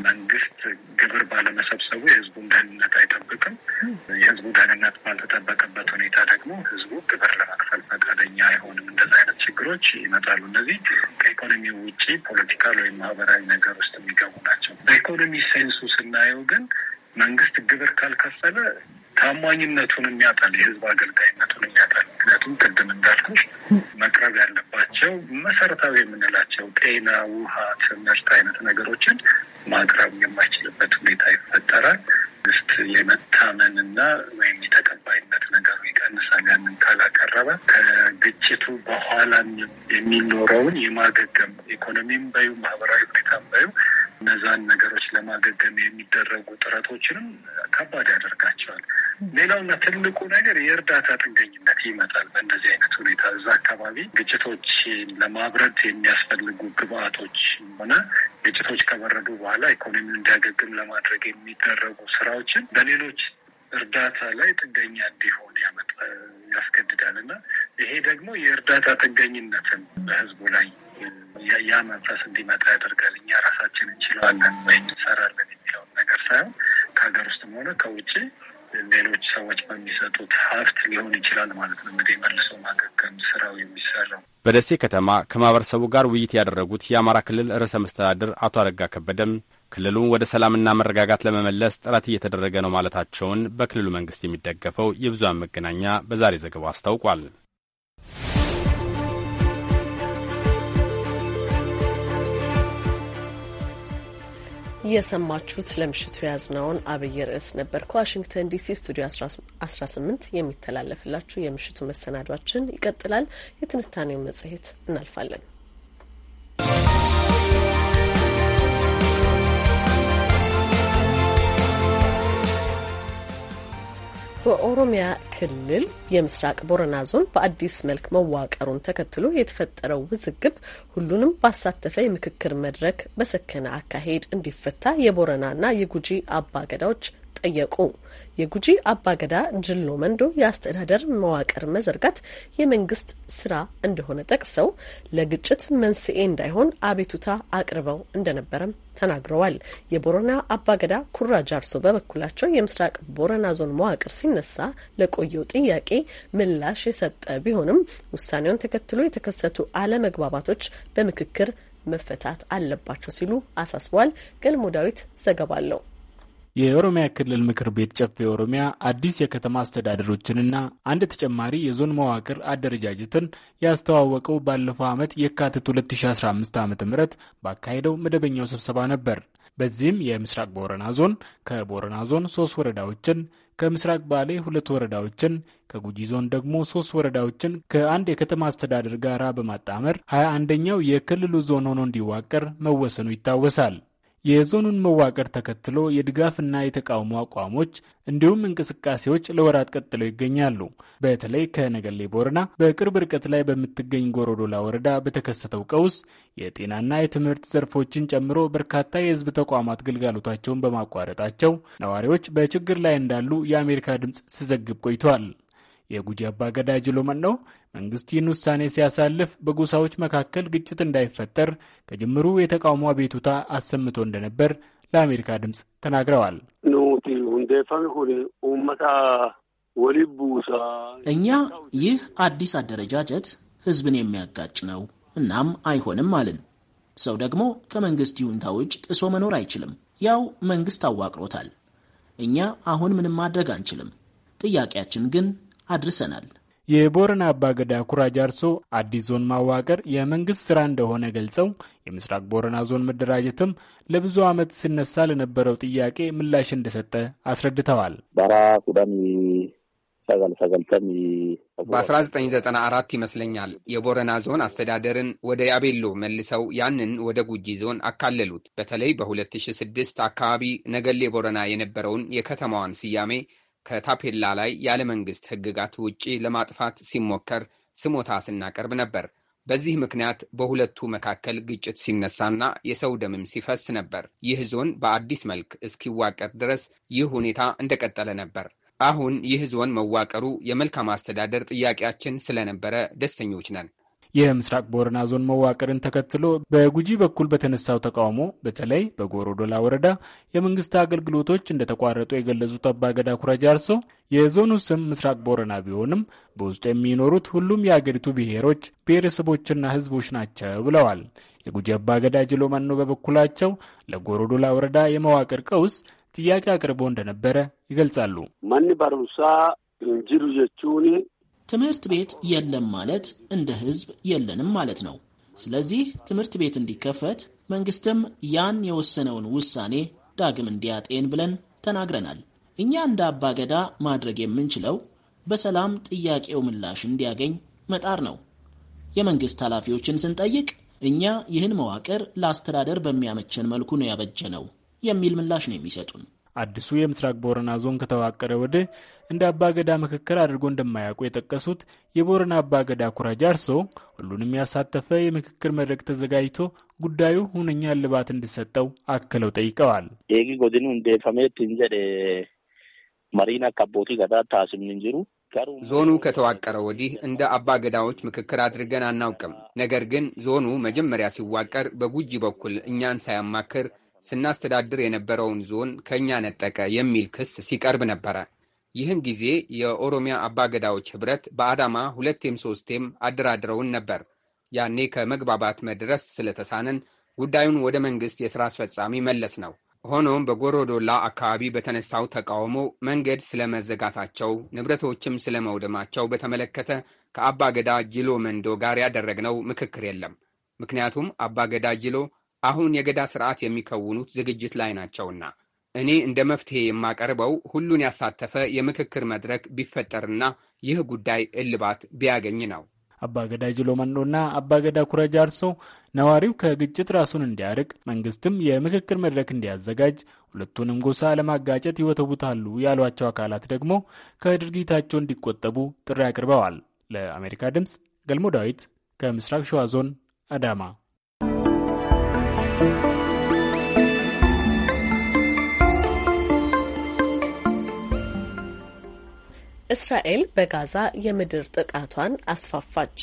መንግስት ግብር ባለመሰብሰቡ የህዝቡን ደህንነት አይጠብቅም። የህዝቡ ደህንነት ባልተጠበቀበት ሁኔታ ደግሞ ህዝቡ ግብር ለመክፈል ፈቃደኛ አይሆንም። እንደዚ አይነት ችግሮች ይመጣሉ። እነዚህ ከኢኮኖሚው ውጭ ፖለቲካል ወይም ማህበራዊ ነገር ውስጥ የሚገቡ ናቸው። በኢኮኖሚ ሴንሱ ስናየው ግን መንግስት ግብር ካልከፈለ ታማኝነቱን የሚያጣል፣ የህዝብ አገልጋይነቱን የሚያጣል። ምክንያቱም ቅድም እንዳልኩሽ መቅረብ ያለባቸው መሰረታዊ የምንላቸው ጤና፣ ውሃ፣ ትምህርት አይነት ነገሮችን ማቅረብ የማይችልበት ሁኔታ ይፈጠራል። የመታመን የመታመንና ወይም የተቀባይነት ነገሩ ይቀንሳል። ያንን ካላቀረበ ከግጭቱ በኋላ የሚኖረውን የማገገም ኢኮኖሚም በዩ ማህበራዊ ሁኔታም በዩ እነዛን ነገሮች ለማገገም የሚደረጉ ጥረቶችንም ከባድ ያደርጋል። ሌላውና ትልቁ ነገር የእርዳታ ጥገኝነት ይመጣል። በእንደዚህ አይነት ሁኔታ እዛ አካባቢ ግጭቶችን ለማብረድ የሚያስፈልጉ ግብአቶች ሆነ ግጭቶች ከበረዱ በኋላ ኢኮኖሚውን እንዲያገግም ለማድረግ የሚደረጉ ስራዎችን በሌሎች እርዳታ ላይ ጥገኛ እንዲሆን ያስገድዳል እና ይሄ ደግሞ የእርዳታ ጥገኝነትን በህዝቡ ላይ ያ መንፈስ እንዲመጣ ያደርጋል። እኛ ራሳችን እንችለዋለን ወይም እንሰራለን የሚለውን ነገር ሳይሆን ከሀገር ውስጥም ሆነ ከውጭ ሌሎች ሰዎች በሚሰጡት ሀብት ሊሆን ይችላል ማለት ነው። እንግዲህ መልሶ ማገገም ስራው የሚሰራው በደሴ ከተማ ከማህበረሰቡ ጋር ውይይት ያደረጉት የአማራ ክልል ርዕሰ መስተዳድር አቶ አረጋ ከበደም ክልሉን ወደ ሰላምና መረጋጋት ለመመለስ ጥረት እየተደረገ ነው ማለታቸውን በክልሉ መንግስት የሚደገፈው የብዙሃን መገናኛ በዛሬ ዘገባው አስታውቋል። እየሰማችሁት ለምሽቱ የያዝነውን አብይ ርዕስ ነበር። ከዋሽንግተን ዲሲ ስቱዲዮ 18 የሚተላለፍላችሁ የምሽቱ መሰናዷችን ይቀጥላል። የትንታኔው መጽሔት እናልፋለን። በኦሮሚያ ክልል የምስራቅ ቦረና ዞን በአዲስ መልክ መዋቀሩን ተከትሎ የተፈጠረው ውዝግብ ሁሉንም ባሳተፈ የምክክር መድረክ በሰከነ አካሄድ እንዲፈታ የቦረናና የጉጂ አባገዳዎች ጠየቁ። የጉጂ አባገዳ ጅሎ መንዶ የአስተዳደር መዋቅር መዘርጋት የመንግስት ስራ እንደሆነ ጠቅሰው ለግጭት መንስኤ እንዳይሆን አቤቱታ አቅርበው እንደነበረም ተናግረዋል። የቦረና አባገዳ ኩራ ጃርሶ በበኩላቸው የምስራቅ ቦረና ዞን መዋቅር ሲነሳ ለቆየው ጥያቄ ምላሽ የሰጠ ቢሆንም ውሳኔውን ተከትሎ የተከሰቱ አለመግባባቶች በምክክር መፈታት አለባቸው ሲሉ አሳስበዋል። ገልሞ ዳዊት ዘገባ አለው። የኦሮሚያ ክልል ምክር ቤት ጨፌ ኦሮሚያ አዲስ የከተማ አስተዳደሮችንና አንድ ተጨማሪ የዞን መዋቅር አደረጃጀትን ያስተዋወቀው ባለፈው ዓመት የካቲት 2015 ዓ ም ባካሄደው መደበኛው ስብሰባ ነበር። በዚህም የምስራቅ ቦረና ዞን ከቦረና ዞን ሶስት ወረዳዎችን ከምስራቅ ባሌ ሁለት ወረዳዎችን ከጉጂ ዞን ደግሞ ሶስት ወረዳዎችን ከአንድ የከተማ አስተዳደር ጋር በማጣመር ሀያ አንደኛው የክልሉ ዞን ሆኖ እንዲዋቀር መወሰኑ ይታወሳል። የዞኑን መዋቅር ተከትሎ የድጋፍና የተቃውሞ አቋሞች እንዲሁም እንቅስቃሴዎች ለወራት ቀጥለው ይገኛሉ። በተለይ ከነገሌ ቦረና በቅርብ ርቀት ላይ በምትገኝ ጎሮዶላ ወረዳ በተከሰተው ቀውስ የጤናና የትምህርት ዘርፎችን ጨምሮ በርካታ የሕዝብ ተቋማት ግልጋሎታቸውን በማቋረጣቸው ነዋሪዎች በችግር ላይ እንዳሉ የአሜሪካ ድምፅ ሲዘግብ ቆይቷል። የጉጂ ገዳ ጅሎ መነው ነው መንግስት ይህን ውሳኔ ሲያሳልፍ በጎሳዎች መካከል ግጭት እንዳይፈጠር ከጅምሩ የተቃውሞ አቤቱታ አሰምቶ እንደነበር ለአሜሪካ ድምፅ ተናግረዋል። እኛ ይህ አዲስ አደረጃጀት ህዝብን የሚያጋጭ ነው፣ እናም አይሆንም አልን። ሰው ደግሞ ከመንግስት ይሁንታ ውጭ ጥሶ መኖር አይችልም። ያው መንግስት አዋቅሮታል። እኛ አሁን ምንም ማድረግ አንችልም። ጥያቄያችን ግን አድርሰናል። የቦረና አባገዳ ኩራጅ አርሶ አዲስ ዞን ማዋቀር የመንግስት ስራ እንደሆነ ገልጸው የምስራቅ ቦረና ዞን መደራጀትም ለብዙ ዓመት ሲነሳ ለነበረው ጥያቄ ምላሽ እንደሰጠ አስረድተዋል። በ1994 ይመስለኛል የቦረና ዞን አስተዳደርን ወደ ያቤሎ መልሰው ያንን ወደ ጉጂ ዞን አካለሉት። በተለይ በ2006 አካባቢ ነገሌ ቦረና የነበረውን የከተማዋን ስያሜ ከታፔላ ላይ ያለ መንግሥት ሕግጋት ውጪ ለማጥፋት ሲሞከር ስሞታ ስናቀርብ ነበር። በዚህ ምክንያት በሁለቱ መካከል ግጭት ሲነሳና የሰው ደምም ሲፈስ ነበር። ይህ ዞን በአዲስ መልክ እስኪዋቀር ድረስ ይህ ሁኔታ እንደቀጠለ ነበር። አሁን ይህ ዞን መዋቀሩ የመልካም አስተዳደር ጥያቄያችን ስለነበረ ደስተኞች ነን። የምስራቅ ቦረና ዞን መዋቅርን ተከትሎ በጉጂ በኩል በተነሳው ተቃውሞ በተለይ በጎሮዶላ ወረዳ የመንግስት አገልግሎቶች እንደተቋረጡ የገለጹት አባገዳ ኩረጃ አርሶ የዞኑ ስም ምስራቅ ቦረና ቢሆንም በውስጡ የሚኖሩት ሁሉም የአገሪቱ ብሔሮች፣ ብሔረሰቦችና ህዝቦች ናቸው ብለዋል። የጉጂ አባገዳ ጅሎ መኖ በበኩላቸው ለጎሮዶላ ወረዳ የመዋቅር ቀውስ ጥያቄ አቅርቦ እንደነበረ ይገልጻሉ። ማን ባሩሳ እንጅሩ ጀቹኒ ትምህርት ቤት የለም ማለት እንደ ህዝብ የለንም ማለት ነው። ስለዚህ ትምህርት ቤት እንዲከፈት መንግስትም ያን የወሰነውን ውሳኔ ዳግም እንዲያጤን ብለን ተናግረናል። እኛ እንደ አባገዳ ማድረግ የምንችለው በሰላም ጥያቄው ምላሽ እንዲያገኝ መጣር ነው። የመንግስት ኃላፊዎችን ስንጠይቅ እኛ ይህን መዋቅር ለአስተዳደር በሚያመቸን መልኩ ነው ያበጀ ነው የሚል ምላሽ ነው የሚሰጡን። አዲሱ የምስራቅ ቦረና ዞን ከተዋቀረ ወዲህ እንደ አባገዳ ምክክር አድርጎ እንደማያውቁ የጠቀሱት የቦረና አባገዳ ኩራጃ አርሶ ሁሉንም ያሳተፈ የምክክር መድረክ ተዘጋጅቶ ጉዳዩ ሁነኛ እልባት እንዲሰጠው አክለው ጠይቀዋል። እንደፈሜት መሪና ከቦቲ ገዳ እንጅሩ ዞኑ ከተዋቀረ ወዲህ እንደ አባገዳዎች ምክክር አድርገን አናውቅም። ነገር ግን ዞኑ መጀመሪያ ሲዋቀር በጉጂ በኩል እኛን ሳያማክር ስናስተዳድር የነበረውን ዞን ከእኛ ነጠቀ የሚል ክስ ሲቀርብ ነበረ። ይህን ጊዜ የኦሮሚያ አባገዳዎች ህብረት በአዳማ ሁለቴም ሶስቴም አደራድረውን ነበር። ያኔ ከመግባባት መድረስ ስለተሳነን ጉዳዩን ወደ መንግስት የሥራ አስፈጻሚ መለስ ነው። ሆኖም በጎሮዶላ አካባቢ በተነሳው ተቃውሞ መንገድ ስለመዘጋታቸው ንብረቶችም ስለመውደማቸው በተመለከተ ከአባገዳ ጅሎ መንዶ ጋር ያደረግነው ምክክር የለም። ምክንያቱም አባገዳ ጅሎ አሁን የገዳ ስርዓት የሚከውኑት ዝግጅት ላይ ናቸውና እኔ እንደ መፍትሄ የማቀርበው ሁሉን ያሳተፈ የምክክር መድረክ ቢፈጠርና ይህ ጉዳይ እልባት ቢያገኝ ነው። አባገዳ ጅሎ መኖና አባገዳ ኩረጃ አርሶ ነዋሪው ከግጭት ራሱን እንዲያርቅ መንግስትም የምክክር መድረክ እንዲያዘጋጅ ሁለቱንም ጎሳ ለማጋጨት ይወተቡታሉ ያሏቸው አካላት ደግሞ ከድርጊታቸው እንዲቆጠቡ ጥሪ አቅርበዋል። ለአሜሪካ ድምፅ ገልሞ ዳዊት ከምስራቅ ሸዋ ዞን አዳማ እስራኤል በጋዛ የምድር ጥቃቷን አስፋፋች።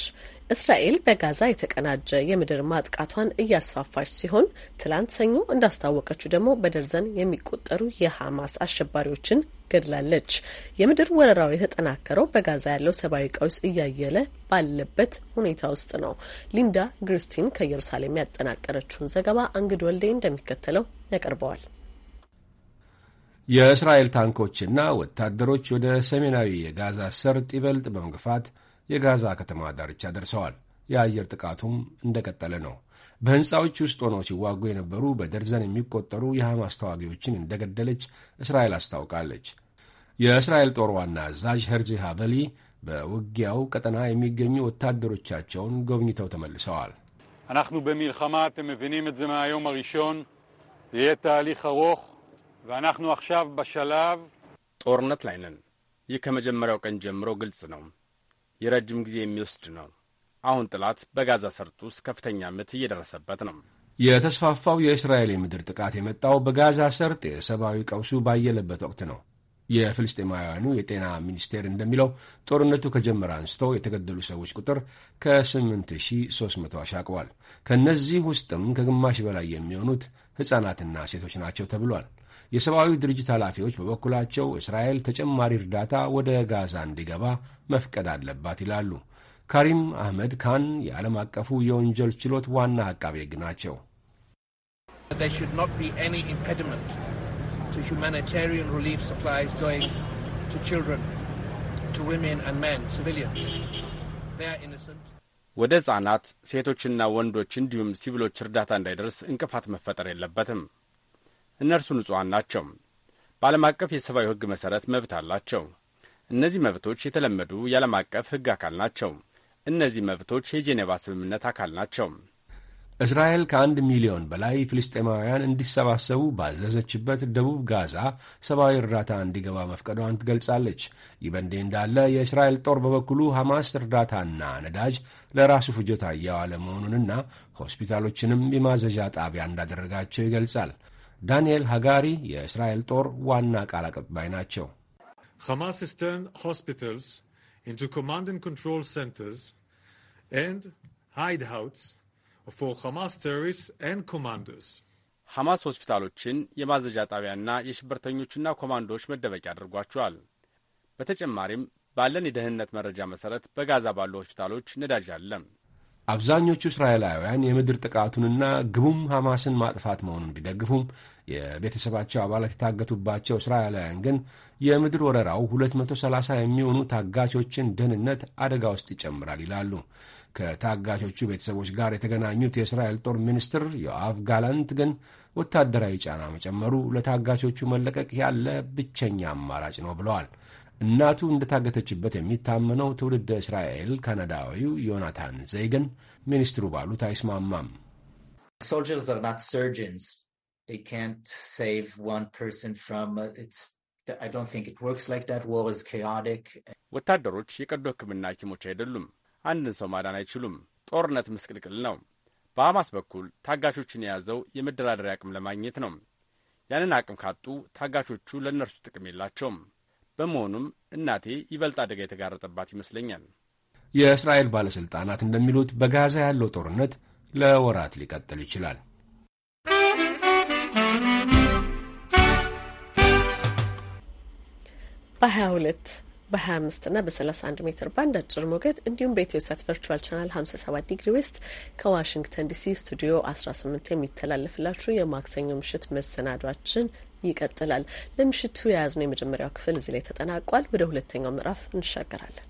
እስራኤል በጋዛ የተቀናጀ የምድር ማጥቃቷን እያስፋፋች ሲሆን ትላንት ሰኞ እንዳስታወቀችው ደግሞ በደርዘን የሚቆጠሩ የሐማስ አሸባሪዎችን ገድላለች። የምድር ወረራው የተጠናከረው በጋዛ ያለው ሰብአዊ ቀውስ እያየለ ባለበት ሁኔታ ውስጥ ነው። ሊንዳ ግርስቲን ከኢየሩሳሌም ያጠናቀረችውን ዘገባ እንግድ ወልዴ እንደሚከተለው ያቀርበዋል። የእስራኤል ታንኮችና ወታደሮች ወደ ሰሜናዊ የጋዛ ሰርጥ ይበልጥ በመግፋት የጋዛ ከተማ ዳርቻ ደርሰዋል። የአየር ጥቃቱም እንደቀጠለ ነው። በሕንፃዎች ውስጥ ሆነው ሲዋጉ የነበሩ በደርዘን የሚቆጠሩ የሐማስ ተዋጊዎችን እንደገደለች እስራኤል አስታውቃለች። የእስራኤል ጦር ዋና አዛዥ ሄርዚ ሃቨሊ በውጊያው ቀጠና የሚገኙ ወታደሮቻቸውን ጎብኝተው ተመልሰዋል። אנחנו במלחמה, אתם מבינים את זה מהיום הראשון. יהיה תהליך ארוך, ואנחנו עכשיו בשלב... ጦርነት ላይ ነን። ይህ ከመጀመሪያው ቀን ጀምሮ ግልጽ ነው። የረጅም ጊዜ የሚወስድ ነው። አሁን ጥላት በጋዛ ሰርጥ ውስጥ ከፍተኛ ምት እየደረሰበት ነው። የተስፋፋው የእስራኤል የምድር ጥቃት የመጣው በጋዛ ሰርጥ የሰብአዊ ቀውሱ ባየለበት ወቅት ነው። የፍልስጤማውያኑ የጤና ሚኒስቴር እንደሚለው ጦርነቱ ከጀመረ አንስቶ የተገደሉ ሰዎች ቁጥር ከ8300 አሻቅቧል። ከእነዚህ ውስጥም ከግማሽ በላይ የሚሆኑት ሕፃናትና ሴቶች ናቸው ተብሏል። የሰብአዊ ድርጅት ኃላፊዎች በበኩላቸው እስራኤል ተጨማሪ እርዳታ ወደ ጋዛ እንዲገባ መፍቀድ አለባት ይላሉ። ካሪም አህመድ ካን የዓለም አቀፉ የወንጀል ችሎት ዋና አቃቤ ሕግ ናቸው። ወደ ሕፃናት፣ ሴቶችና ወንዶች እንዲሁም ሲቪሎች እርዳታ እንዳይደርስ እንቅፋት መፈጠር የለበትም። እነርሱ ንጹሐን ናቸው። በዓለም አቀፍ የሰብአዊ ሕግ መሠረት መብት አላቸው። እነዚህ መብቶች የተለመዱ የዓለም አቀፍ ሕግ አካል ናቸው። እነዚህ መብቶች የጄኔቫ ስምምነት አካል ናቸው። እስራኤል ከአንድ ሚሊዮን በላይ ፍልስጤማውያን እንዲሰባሰቡ ባዘዘችበት ደቡብ ጋዛ ሰብአዊ እርዳታ እንዲገባ መፍቀዷን ትገልጻለች። ይህ በእንዲህ እንዳለ የእስራኤል ጦር በበኩሉ ሐማስ እርዳታና ነዳጅ ለራሱ ፍጆታ እያዋለ መሆኑንና ሆስፒታሎችንም የማዘዣ ጣቢያ እንዳደረጋቸው ይገልጻል። ዳንኤል ሃጋሪ የእስራኤል ጦር ዋና ቃል አቀባይ ናቸው። ሐማስ ሐማስ ሆስፒታሎችን የማዘዣ ጣቢያና የሽብርተኞችና ኮማንዶዎች መደበቂያ አድርጓቸዋል። በተጨማሪም ባለን የደህንነት መረጃ መሠረት በጋዛ ባሉ ሆስፒታሎች ነዳጅ አለም አብዛኞቹ እስራኤላውያን የምድር ጥቃቱንና ግቡም ሐማስን ማጥፋት መሆኑን ቢደግፉም የቤተሰባቸው አባላት የታገቱባቸው እስራኤላውያን ግን የምድር ወረራው 230 የሚሆኑ ታጋቾችን ደህንነት አደጋ ውስጥ ይጨምራል ይላሉ። ከታጋቾቹ ቤተሰቦች ጋር የተገናኙት የእስራኤል ጦር ሚኒስትር ዮአፍ ጋላንት ግን ወታደራዊ ጫና መጨመሩ ለታጋቾቹ መለቀቅ ያለ ብቸኛ አማራጭ ነው ብለዋል። እናቱ እንደታገተችበት የሚታመነው ትውልድ እስራኤል ካናዳዊው ዮናታን ዘይገን ሚኒስትሩ ባሉት አይስማማም። uh, ወታደሮች የቀዶ ሕክምና ሐኪሞች አይደሉም። አንድን ሰው ማዳን አይችሉም። ጦርነት ምስቅልቅል ነው። በሐማስ በኩል ታጋቾችን የያዘው የመደራደሪያ አቅም ለማግኘት ነው። ያንን አቅም ካጡ ታጋቾቹ ለእነርሱ ጥቅም የላቸውም። በመሆኑም እናቴ ይበልጥ አደጋ የተጋረጠባት ይመስለኛል። የእስራኤል ባለሥልጣናት እንደሚሉት በጋዛ ያለው ጦርነት ለወራት ሊቀጥል ይችላል። በ22 በ25 እና በ31 ሜትር ባንድ አጭር ሞገድ እንዲሁም በኢትዮ ሳት ቨርቹዋል ቻናል 57 ዲግሪ ዌስት ከዋሽንግተን ዲሲ ስቱዲዮ 18 የሚተላለፍላችሁ የማክሰኞ ምሽት መሰናዷችን ይቀጥላል። ለምሽቱ የያዝነው የመጀመሪያው ክፍል እዚህ ላይ ተጠናቋል። ወደ ሁለተኛው ምዕራፍ እንሻገራለን።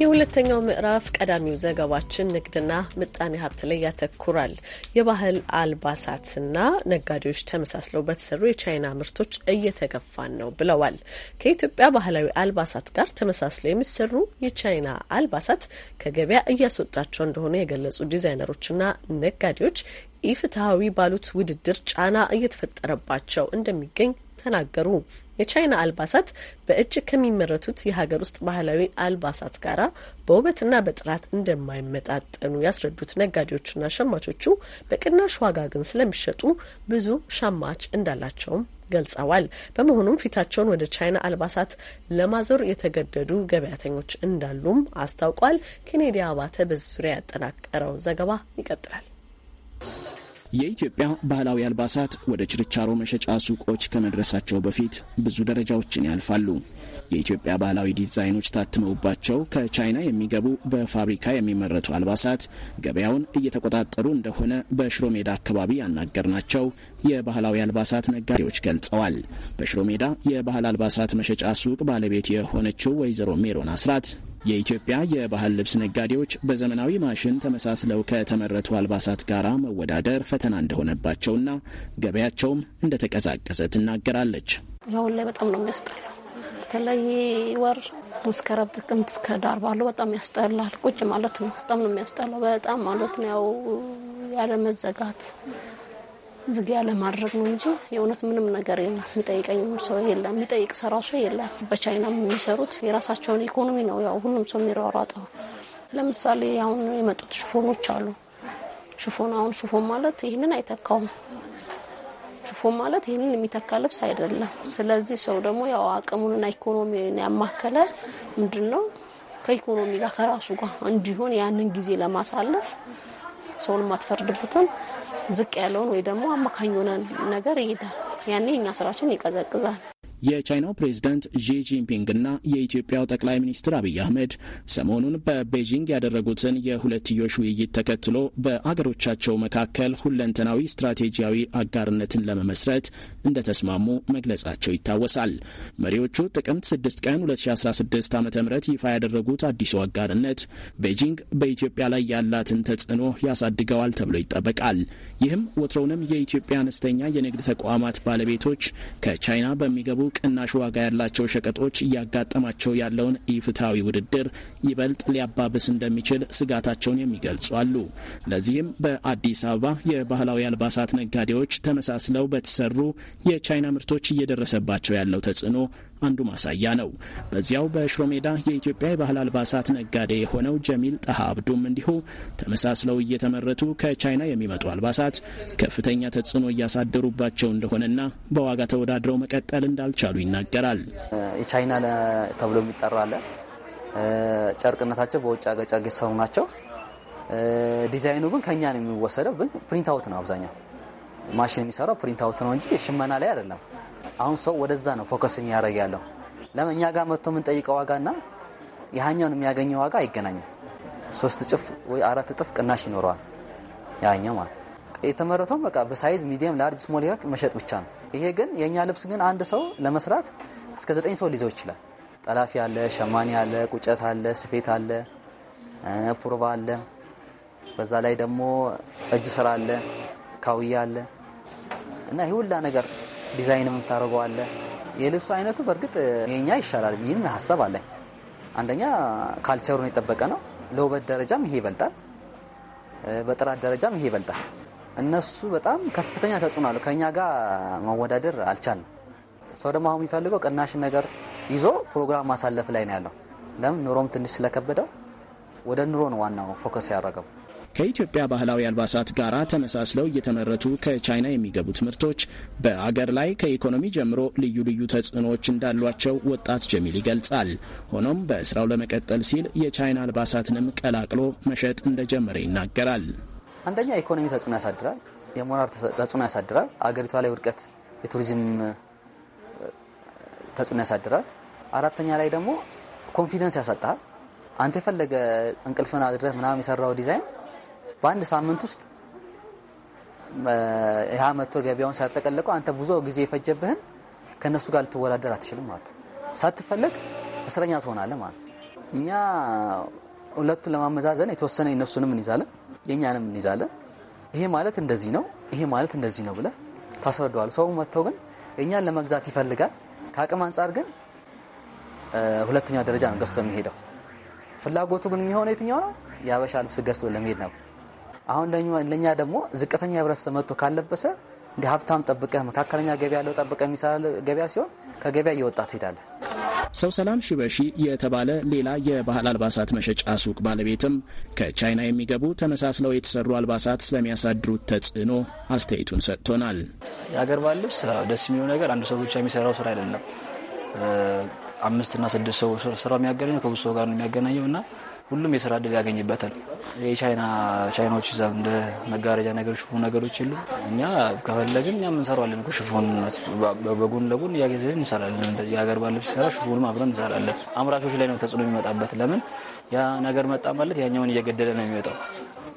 የሁለተኛው ምዕራፍ ቀዳሚው ዘገባችን ንግድና ምጣኔ ሀብት ላይ ያተኩራል። የባህል አልባሳትና ነጋዴዎች ተመሳስለው በተሰሩ የቻይና ምርቶች እየተገፋን ነው ብለዋል። ከኢትዮጵያ ባህላዊ አልባሳት ጋር ተመሳስለው የሚሰሩ የቻይና አልባሳት ከገበያ እያስወጣቸው እንደሆነ የገለጹ ዲዛይነሮችና ነጋዴዎች ኢፍትሐዊ ባሉት ውድድር ጫና እየተፈጠረባቸው እንደሚገኝ ተናገሩ። የቻይና አልባሳት በእጅ ከሚመረቱት የሀገር ውስጥ ባህላዊ አልባሳት ጋር በውበትና በጥራት እንደማይመጣጠኑ ያስረዱት ነጋዴዎችና ሸማቾቹ በቅናሽ ዋጋ ግን ስለሚሸጡ ብዙ ሸማች እንዳላቸውም ገልጸዋል። በመሆኑም ፊታቸውን ወደ ቻይና አልባሳት ለማዞር የተገደዱ ገበያተኞች እንዳሉም አስታውቋል። ኬኔዲ አባተ በዚህ ዙሪያ ያጠናቀረው ዘገባ ይቀጥላል። የኢትዮጵያ ባህላዊ አልባሳት ወደ ችርቻሮ መሸጫ ሱቆች ከመድረሳቸው በፊት ብዙ ደረጃዎችን ያልፋሉ። የኢትዮጵያ ባህላዊ ዲዛይኖች ታትመውባቸው ከቻይና የሚገቡ በፋብሪካ የሚመረቱ አልባሳት ገበያውን እየተቆጣጠሩ እንደሆነ በሽሮ ሜዳ አካባቢ ያናገርናቸው የባህላዊ አልባሳት ነጋዴዎች ገልጸዋል። በሽሮ ሜዳ የባህል አልባሳት መሸጫ ሱቅ ባለቤት የሆነችው ወይዘሮ ሜሮን አስራት የኢትዮጵያ የባህል ልብስ ነጋዴዎች በዘመናዊ ማሽን ተመሳስለው ከተመረቱ አልባሳት ጋር መወዳደር ፈተና እንደሆነባቸውና ገበያቸውም እንደተቀዛቀዘ ትናገራለች። ያሁን ላይ በጣም ነው የሚያስጠላው በተለይ ወር መስከረም፣ ጥቅምት እስከ ዳር ባለው በጣም ያስጠላል። ቁጭ ማለት ነው። በጣም ነው የሚያስጠላው። በጣም ማለት ነው ያው ያለ መዘጋት ዝግ ያለ ማድረግ ነው እንጂ የእውነት ምንም ነገር የለም። የሚጠይቀኝም ሰው የለም። የሚጠይቅ ሰው ራሱ የለም። በቻይናም የሚሰሩት የራሳቸውን ኢኮኖሚ ነው ያው ሁሉም ሰው የሚሯሯጠው። ለምሳሌ አሁን የመጡት ሽፎኖች አሉ። ሽፎን አሁን ሽፎን ማለት ይህንን አይተካውም። ዩኒፎርም ማለት ይህንን የሚተካ ልብስ አይደለም። ስለዚህ ሰው ደግሞ ያው አቅሙንና ኢኮኖሚን ያማከለ ምንድን ነው ከኢኮኖሚ ጋር ከራሱ ጋር እንዲሆን ያንን ጊዜ ለማሳለፍ ሰውን የማትፈርድበትን ዝቅ ያለውን ወይ ደግሞ አማካኝ የሆነ ነገር ይሄዳል። ያኔ እኛ ስራችን ይቀዘቅዛል። የቻይናው ፕሬዝዳንት ዢ ጂንፒንግ እና የኢትዮጵያው ጠቅላይ ሚኒስትር አብይ አህመድ ሰሞኑን በቤጂንግ ያደረጉትን የሁለትዮሽ ውይይት ተከትሎ በአገሮቻቸው መካከል ሁለንተናዊ ስትራቴጂያዊ አጋርነትን ለመመስረት እንደተስማሙ መግለጻቸው ይታወሳል። መሪዎቹ ጥቅምት 6 ቀን 2016 ዓ ም ይፋ ያደረጉት አዲሱ አጋርነት ቤጂንግ በኢትዮጵያ ላይ ያላትን ተጽዕኖ ያሳድገዋል ተብሎ ይጠበቃል። ይህም ወትሮውንም የኢትዮጵያ አነስተኛ የንግድ ተቋማት ባለቤቶች ከቻይና በሚገቡ ቅናሽ ዋጋ ያላቸው ሸቀጦች እያጋጠማቸው ያለውን ኢፍትሐዊ ውድድር ይበልጥ ሊያባብስ እንደሚችል ስጋታቸውን የሚገልጹ አሉ። ለዚህም በአዲስ አበባ የባህላዊ አልባሳት ነጋዴዎች ተመሳስለው በተሰሩ የቻይና ምርቶች እየደረሰባቸው ያለው ተጽዕኖ አንዱ ማሳያ ነው። በዚያው በሽሮ ሜዳ የኢትዮጵያ የባህል አልባሳት ነጋዴ የሆነው ጀሚል ጠሀ አብዱም እንዲሁ ተመሳስለው እየተመረቱ ከቻይና የሚመጡ አልባሳት ከፍተኛ ተጽዕኖ እያሳደሩባቸው እንደሆነና በዋጋ ተወዳድረው መቀጠል እንዳልቻሉ ይናገራል። የቻይና ተብሎ የሚጠራለ። ጨርቅነታቸው በውጭ ሀገር ጨርቅ የተሰሩ ናቸው። ዲዛይኑ ግን ከኛ ነው የሚወሰደው። ግን ፕሪንት አውት ነው አብዛኛው ማሽን የሚሰራው ፕሪንት አውት ነው እንጂ ሽመና ላይ አይደለም። አሁን ሰው ወደዛ ነው ፎከስ የሚያደርግ ያለው። ለምን እኛ ጋር መጥቶ የምንጠይቀው ዋጋና ያኛውን የሚያገኘው ዋጋ አይገናኝም። ሶስት እጥፍ ወይ አራት እጥፍ ቅናሽ ይኖረዋል ያኛው ማለት የተመረተውም በቃ በሳይዝ ሚዲየም፣ ላርጅ፣ ስሞል መሸጥ ብቻ ነው። ይሄ ግን የእኛ ልብስ ግን አንድ ሰው ለመስራት እስከ ዘጠኝ ሰው ሊይዘው ይችላል። ጠላፊ አለ፣ ሸማኔ አለ፣ ቁጨት አለ፣ ስፌት አለ፣ ፕሮባ አለ፣ በዛ ላይ ደግሞ እጅ ስራ አለ፣ ካውያ አለ እና ይህ ሁላ ነገር ዲዛይን የምታደርገው አለ። የልብሱ አይነቱ በእርግጥ የኛ ይሻላል ይህን ሀሳብ አለኝ። አንደኛ ካልቸሩን የጠበቀ ነው። ለውበት ደረጃም ይሄ ይበልጣል፣ በጥራት ደረጃም ይሄ ይበልጣል። እነሱ በጣም ከፍተኛ ተጽዕኖ አሉ። ከእኛ ጋር መወዳደር አልቻልም። ሰው ደግሞ አሁን የሚፈልገው ቅናሽን ነገር ይዞ ፕሮግራም ማሳለፍ ላይ ነው ያለው። ለምን ኑሮም ትንሽ ስለከበደው ወደ ኑሮ ነው ዋናው ፎከስ ያደረገው። ከኢትዮጵያ ባህላዊ አልባሳት ጋር ተመሳስለው እየተመረቱ ከቻይና የሚገቡት ምርቶች በአገር ላይ ከኢኮኖሚ ጀምሮ ልዩ ልዩ ተጽዕኖዎች እንዳሏቸው ወጣት ጀሚል ይገልጻል። ሆኖም በስራው ለመቀጠል ሲል የቻይና አልባሳትንም ቀላቅሎ መሸጥ እንደጀመረ ይናገራል። አንደኛ የኢኮኖሚ ተጽዕኖ ያሳድራል፣ የሞራል ተጽዕኖ ያሳድራል፣ አገሪቷ ላይ ውድቀት፣ የቱሪዝም ተጽዕኖ ያሳድራል። አራተኛ ላይ ደግሞ ኮንፊደንስ ያሳጣል። አንተ የፈለገ እንቅልፍን አድረህ ምናምን የሰራው ዲዛይን በአንድ ሳምንት ውስጥ ያ መጥቶ ገበያውን ሲያጥለቀለቀው አንተ ብዙ ጊዜ የፈጀብህን ከእነሱ ጋር ልትወዳደር አትችልም ማለት ሳትፈለግ እስረኛ ትሆናለህ ማለት እኛ ሁለቱን ለማመዛዘን የተወሰነ የነሱንም እንይዛለን፣ የእኛንም እንይዛለን። ይሄ ማለት እንደዚህ ነው፣ ይሄ ማለት እንደዚህ ነው ብለ ታስረደዋል ሰው መጥተው ግን እኛን ለመግዛት ይፈልጋል። ከአቅም አንጻር ግን ሁለተኛው ደረጃ ነው ገዝቶ የሚሄደው። ፍላጎቱ ግን የሚሆነው የትኛው ነው? የአበሻ ልብስ ገዝቶ ለመሄድ ነው። አሁን ለእኛ ደግሞ ዝቅተኛ ህብረተሰብ መጥቶ ካለበሰ እንደ ሀብታም ጠብቀህ መካከለኛ ገበያ ያለው ጠብቀህ የሚሰራ ገበያ ሲሆን ከገበያ እየወጣ ትሄዳለህ። ሰው ሰላም ሺበሺ የተባለ ሌላ የባህል አልባሳት መሸጫ ሱቅ ባለቤትም ከቻይና የሚገቡ ተመሳስለው የተሰሩ አልባሳት ስለሚያሳድሩት ተጽዕኖ አስተያየቱን ሰጥቶናል። የአገር ባህል ልብስ ደስ የሚለው ነገር አንድ ሰው ብቻ የሚሰራው ስራ አይደለም። አምስትና ስድስት ሰው ስራ የሚያገናኘው ከብዙ ሰው ጋር ነው የሚያገናኘው እና ሁሉም የስራ እድል ያገኝበታል። የቻይና ቻይናዎች ዛ እንደ መጋረጃ ነገር ሽፉን ነገሮች የሉ። እኛ ከፈለግን እኛም እንሰራዋለን እኮ ሽፉን በጎን ለጎን እያጊዜ እንሰራለን። እንደዚህ ሀገር ባለብ ሲሰራ ሽፉንም አብረን እንሰራለን። አምራቾች ላይ ነው ተጽዕኖ የሚመጣበት። ለምን ያ ነገር መጣ ማለት ያኛውን እየገደለ ነው የሚመጣው።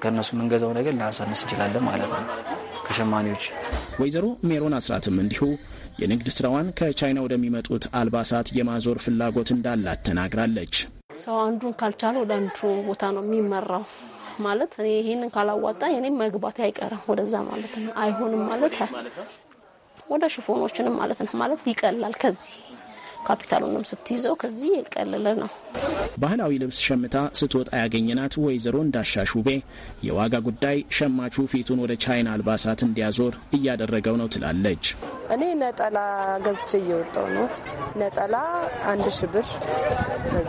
ከእነሱ የምንገዛው ነገር ልናሳንስ እንችላለን ማለት ነው ከሸማኔዎች። ወይዘሮ ሜሮን አስራትም እንዲሁ የንግድ ስራዋን ከቻይና ወደሚመጡት አልባሳት የማዞር ፍላጎት እንዳላት ተናግራለች። ሰው አንዱን ካልቻለ ወደ አንዱ ቦታ ነው የሚመራው። ማለት እኔ ይህንን ካላዋጣ እኔም መግባት አይቀርም ወደዛ ማለት ነው። አይሆንም ማለት ወደ ሽፎኖችንም ማለት ነው ማለት ይቀላል ከዚህ ካፒታሉንም ስትይዘው ከዚህ የቀለለ ነው። ባህላዊ ልብስ ሸምታ ስትወጣ ያገኘናት ወይዘሮ እንዳሻ ሹቤ የዋጋ ጉዳይ ሸማቹ ፊቱን ወደ ቻይና አልባሳት እንዲያዞር እያደረገው ነው ትላለች። እኔ ነጠላ ገዝቼ እየወጣው ነው። ነጠላ አንድ ሺ ብር ነው።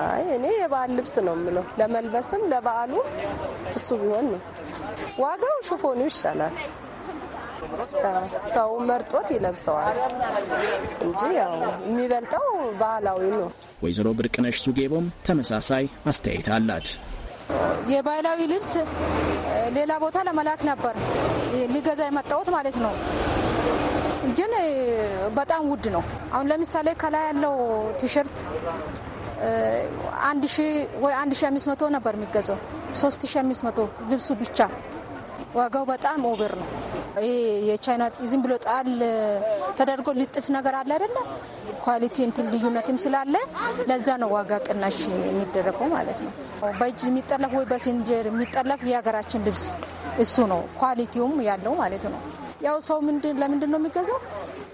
አይ እኔ የባህል ልብስ ነው የምለው ለመልበስም ለበዓሉ እሱ ቢሆን ነው። ዋጋው ሽፎኑ ይሻላል። ሰው መርጦት ይለብሰዋል እንጂ ያው የሚበልጠው ባህላዊ ነው። ወይዘሮ ብርቅነሽ ሱጌቦም ተመሳሳይ አስተያየት አላት። የባህላዊ ልብስ ሌላ ቦታ ለመላክ ነበር ሊገዛ የመጣሁት ማለት ነው። ግን በጣም ውድ ነው። አሁን ለምሳሌ ከላይ ያለው ቲሸርት አንድ ሺህ ወይ አንድ አምስት መቶ ነበር የሚገዛው ሶስት ሺ አምስት መቶ ልብሱ ብቻ ዋጋው በጣም ኦቨር ነው። የቻይና ዝም ብሎ ጣል ተደርጎ ልጥፍ ነገር አለ አይደለ? ኳሊቲ እንትን ልዩነትም ስላለ ለዛ ነው ዋጋ ቅናሽ የሚደረገው ማለት ነው። በእጅ የሚጠለፍ ወይ በሲንጀር የሚጠለፍ የሀገራችን ልብስ እሱ ነው ኳሊቲውም ያለው ማለት ነው። ያው ሰው ምንድን ለምንድን ነው የሚገዛው?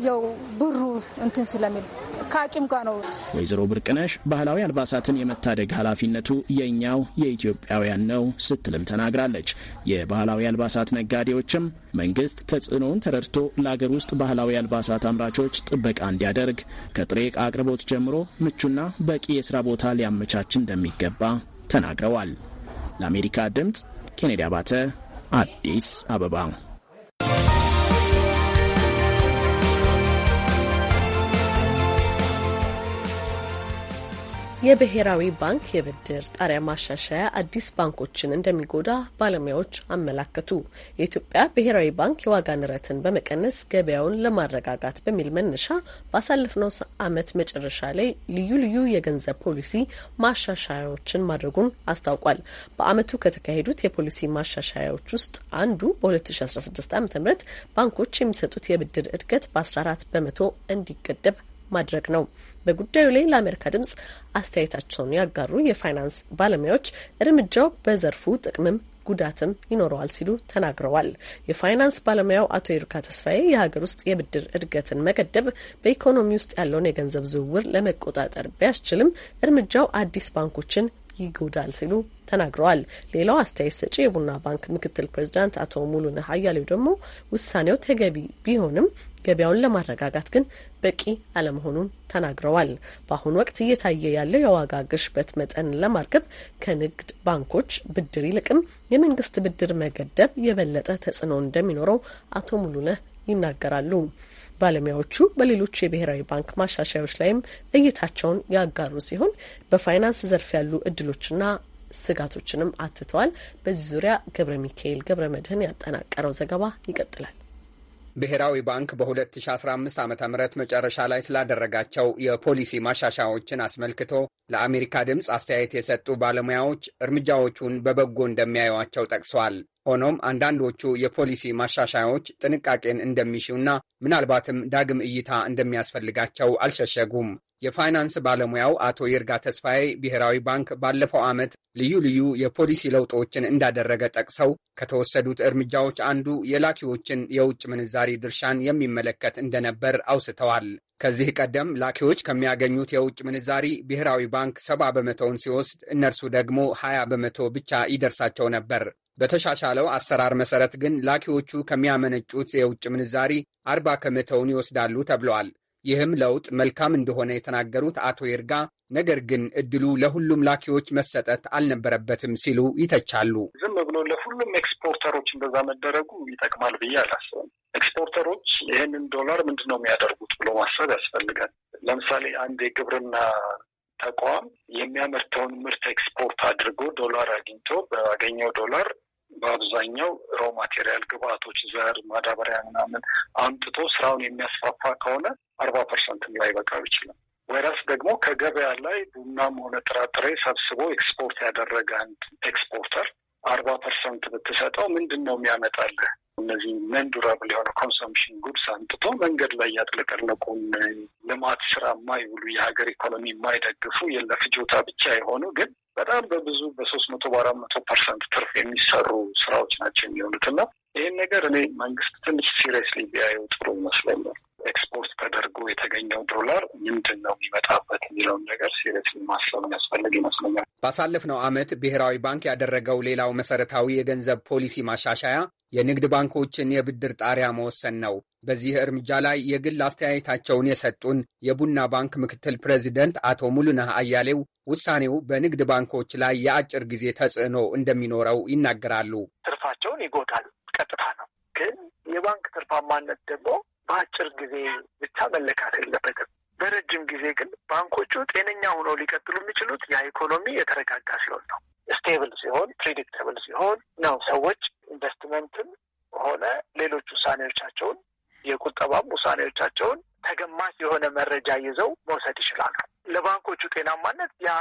ያው ብሩ እንትን ስለሚል ከአቂም ጋር ነው። ወይዘሮ ብርቅነሽ ባህላዊ አልባሳትን የመታደግ ኃላፊነቱ የእኛው የኢትዮጵያውያን ነው ስትልም ተናግራለች። የባህላዊ አልባሳት ነጋዴዎችም መንግስት ተጽዕኖውን ተረድቶ ለአገር ውስጥ ባህላዊ አልባሳት አምራቾች ጥበቃ እንዲያደርግ ከጥሬ ዕቃ አቅርቦት ጀምሮ ምቹና በቂ የስራ ቦታ ሊያመቻች እንደሚገባ ተናግረዋል። ለአሜሪካ ድምፅ ኬኔዲ አባተ አዲስ አበባ የብሔራዊ ባንክ የብድር ጣሪያ ማሻሻያ አዲስ ባንኮችን እንደሚጎዳ ባለሙያዎች አመላከቱ። የኢትዮጵያ ብሔራዊ ባንክ የዋጋ ንረትን በመቀነስ ገበያውን ለማረጋጋት በሚል መነሻ ባሳለፍነው ዓመት መጨረሻ ላይ ልዩ ልዩ የገንዘብ ፖሊሲ ማሻሻያዎችን ማድረጉን አስታውቋል። በዓመቱ ከተካሄዱት የፖሊሲ ማሻሻያዎች ውስጥ አንዱ በ2016 ዓ ም ባንኮች የሚሰጡት የብድር እድገት በ14 በመቶ እንዲገደብ ማድረግ ነው። በጉዳዩ ላይ ለአሜሪካ ድምጽ አስተያየታቸውን ያጋሩ የፋይናንስ ባለሙያዎች እርምጃው በዘርፉ ጥቅምም ጉዳትም ይኖረዋል ሲሉ ተናግረዋል። የፋይናንስ ባለሙያው አቶ ይርጋ ተስፋዬ የሀገር ውስጥ የብድር እድገትን መገደብ በኢኮኖሚ ውስጥ ያለውን የገንዘብ ዝውውር ለመቆጣጠር ቢያስችልም እርምጃው አዲስ ባንኮችን ይጎዳል ሲሉ ተናግረዋል። ሌላው አስተያየት ሰጪ የቡና ባንክ ምክትል ፕሬዚዳንት አቶ ሙሉነህ አያሌው ደግሞ ውሳኔው ተገቢ ቢሆንም ገበያውን ለማረጋጋት ግን በቂ አለመሆኑን ተናግረዋል። በአሁኑ ወቅት እየታየ ያለው የዋጋ ግሽበት መጠን ለማርገብ ከንግድ ባንኮች ብድር ይልቅም የመንግስት ብድር መገደብ የበለጠ ተጽዕኖ እንደሚኖረው አቶ ሙሉነህ ይናገራሉ። ባለሙያዎቹ በሌሎች የብሔራዊ ባንክ ማሻሻያዎች ላይም እይታቸውን ያጋሩ ሲሆን በፋይናንስ ዘርፍ ያሉ እድሎችና ስጋቶችንም አትተዋል። በዚህ ዙሪያ ገብረ ሚካኤል ገብረ መድህን ያጠናቀረው ዘገባ ይቀጥላል። ብሔራዊ ባንክ በ2015 ዓ ም መጨረሻ ላይ ስላደረጋቸው የፖሊሲ ማሻሻያዎችን አስመልክቶ ለአሜሪካ ድምፅ አስተያየት የሰጡ ባለሙያዎች እርምጃዎቹን በበጎ እንደሚያዩቸው ጠቅሰዋል። ሆኖም አንዳንዶቹ የፖሊሲ ማሻሻያዎች ጥንቃቄን እንደሚሹና ምናልባትም ዳግም እይታ እንደሚያስፈልጋቸው አልሸሸጉም። የፋይናንስ ባለሙያው አቶ ይርጋ ተስፋዬ ብሔራዊ ባንክ ባለፈው ዓመት ልዩ ልዩ የፖሊሲ ለውጦችን እንዳደረገ ጠቅሰው ከተወሰዱት እርምጃዎች አንዱ የላኪዎችን የውጭ ምንዛሪ ድርሻን የሚመለከት እንደነበር አውስተዋል። ከዚህ ቀደም ላኪዎች ከሚያገኙት የውጭ ምንዛሪ ብሔራዊ ባንክ ሰባ በመቶውን ሲወስድ እነርሱ ደግሞ ሀያ በመቶ ብቻ ይደርሳቸው ነበር። በተሻሻለው አሰራር መሰረት ግን ላኪዎቹ ከሚያመነጩት የውጭ ምንዛሪ አርባ ከመቶውን ይወስዳሉ ተብለዋል። ይህም ለውጥ መልካም እንደሆነ የተናገሩት አቶ ይርጋ ነገር ግን እድሉ ለሁሉም ላኪዎች መሰጠት አልነበረበትም ሲሉ ይተቻሉ። ዝም ብሎ ለሁሉም ኤክስፖርተሮች እንደዛ መደረጉ ይጠቅማል ብዬ አላስብም። ኤክስፖርተሮች ይህንን ዶላር ምንድን ነው የሚያደርጉት ብሎ ማሰብ ያስፈልጋል። ለምሳሌ አንድ የግብርና ተቋም የሚያመርተውን ምርት ኤክስፖርት አድርጎ ዶላር አግኝቶ በአገኘው ዶላር በአብዛኛው ሮ ማቴሪያል ግብአቶች፣ ዘር፣ ማዳበሪያ ምናምን አምጥቶ ስራውን የሚያስፋፋ ከሆነ አርባ ፐርሰንትም ላይበቃው ይችላል። ወይራስ ደግሞ ከገበያ ላይ ቡናም ሆነ ጥራጥሬ ሰብስቦ ኤክስፖርት ያደረገ አንድ ኤክስፖርተር አርባ ፐርሰንት ብትሰጠው ምንድን ነው የሚያመጣልህ? እነዚህ መንዱራብል የሆነ ኮንሰምሽን ጉድስ አምጥቶ መንገድ ላይ ያጥለቀለቁን ልማት ስራ የማይውሉ የሀገር ኢኮኖሚ የማይደግፉ የለፍጆታ ብቻ የሆኑ ግን በጣም በብዙ በሶስት መቶ በአራት መቶ ፐርሰንት ትርፍ የሚሰሩ ስራዎች ናቸው የሚሆኑት እና ይህን ነገር እኔ መንግስት ትንሽ ሲሪየስሊ ቢያየው ጥሩ ይመስለኛል። ኤክስፖርት ተደርጎ የተገኘው ዶላር ምንድን ነው የሚመጣበት የሚለውን ነገር ሲሪየስ ማሰብ የሚያስፈልግ ይመስለኛል። ባሳለፍነው ዓመት ብሔራዊ ባንክ ያደረገው ሌላው መሰረታዊ የገንዘብ ፖሊሲ ማሻሻያ የንግድ ባንኮችን የብድር ጣሪያ መወሰን ነው። በዚህ እርምጃ ላይ የግል አስተያየታቸውን የሰጡን የቡና ባንክ ምክትል ፕሬዚደንት አቶ ሙሉነህ አያሌው ውሳኔው በንግድ ባንኮች ላይ የአጭር ጊዜ ተጽዕኖ እንደሚኖረው ይናገራሉ። ትርፋቸውን ይጎዳል፣ ቀጥታ ነው። ግን የባንክ ትርፋማነት ደግሞ በአጭር ጊዜ ብቻ መለካት የለበትም። በረጅም ጊዜ ግን ባንኮቹ ጤነኛ ሆነው ሊቀጥሉ የሚችሉት ያ ኢኮኖሚ የተረጋጋ ሲሆን ነው። ስቴብል ሲሆን፣ ፕሪዲክተብል ሲሆን ነው ሰዎች ኢንቨስትመንትም ሆነ ሌሎች ውሳኔዎቻቸውን የቁጠባም ውሳኔዎቻቸውን ተገማች የሆነ መረጃ ይዘው መውሰድ ይችላሉ። ለባንኮቹ ጤናማነት ያ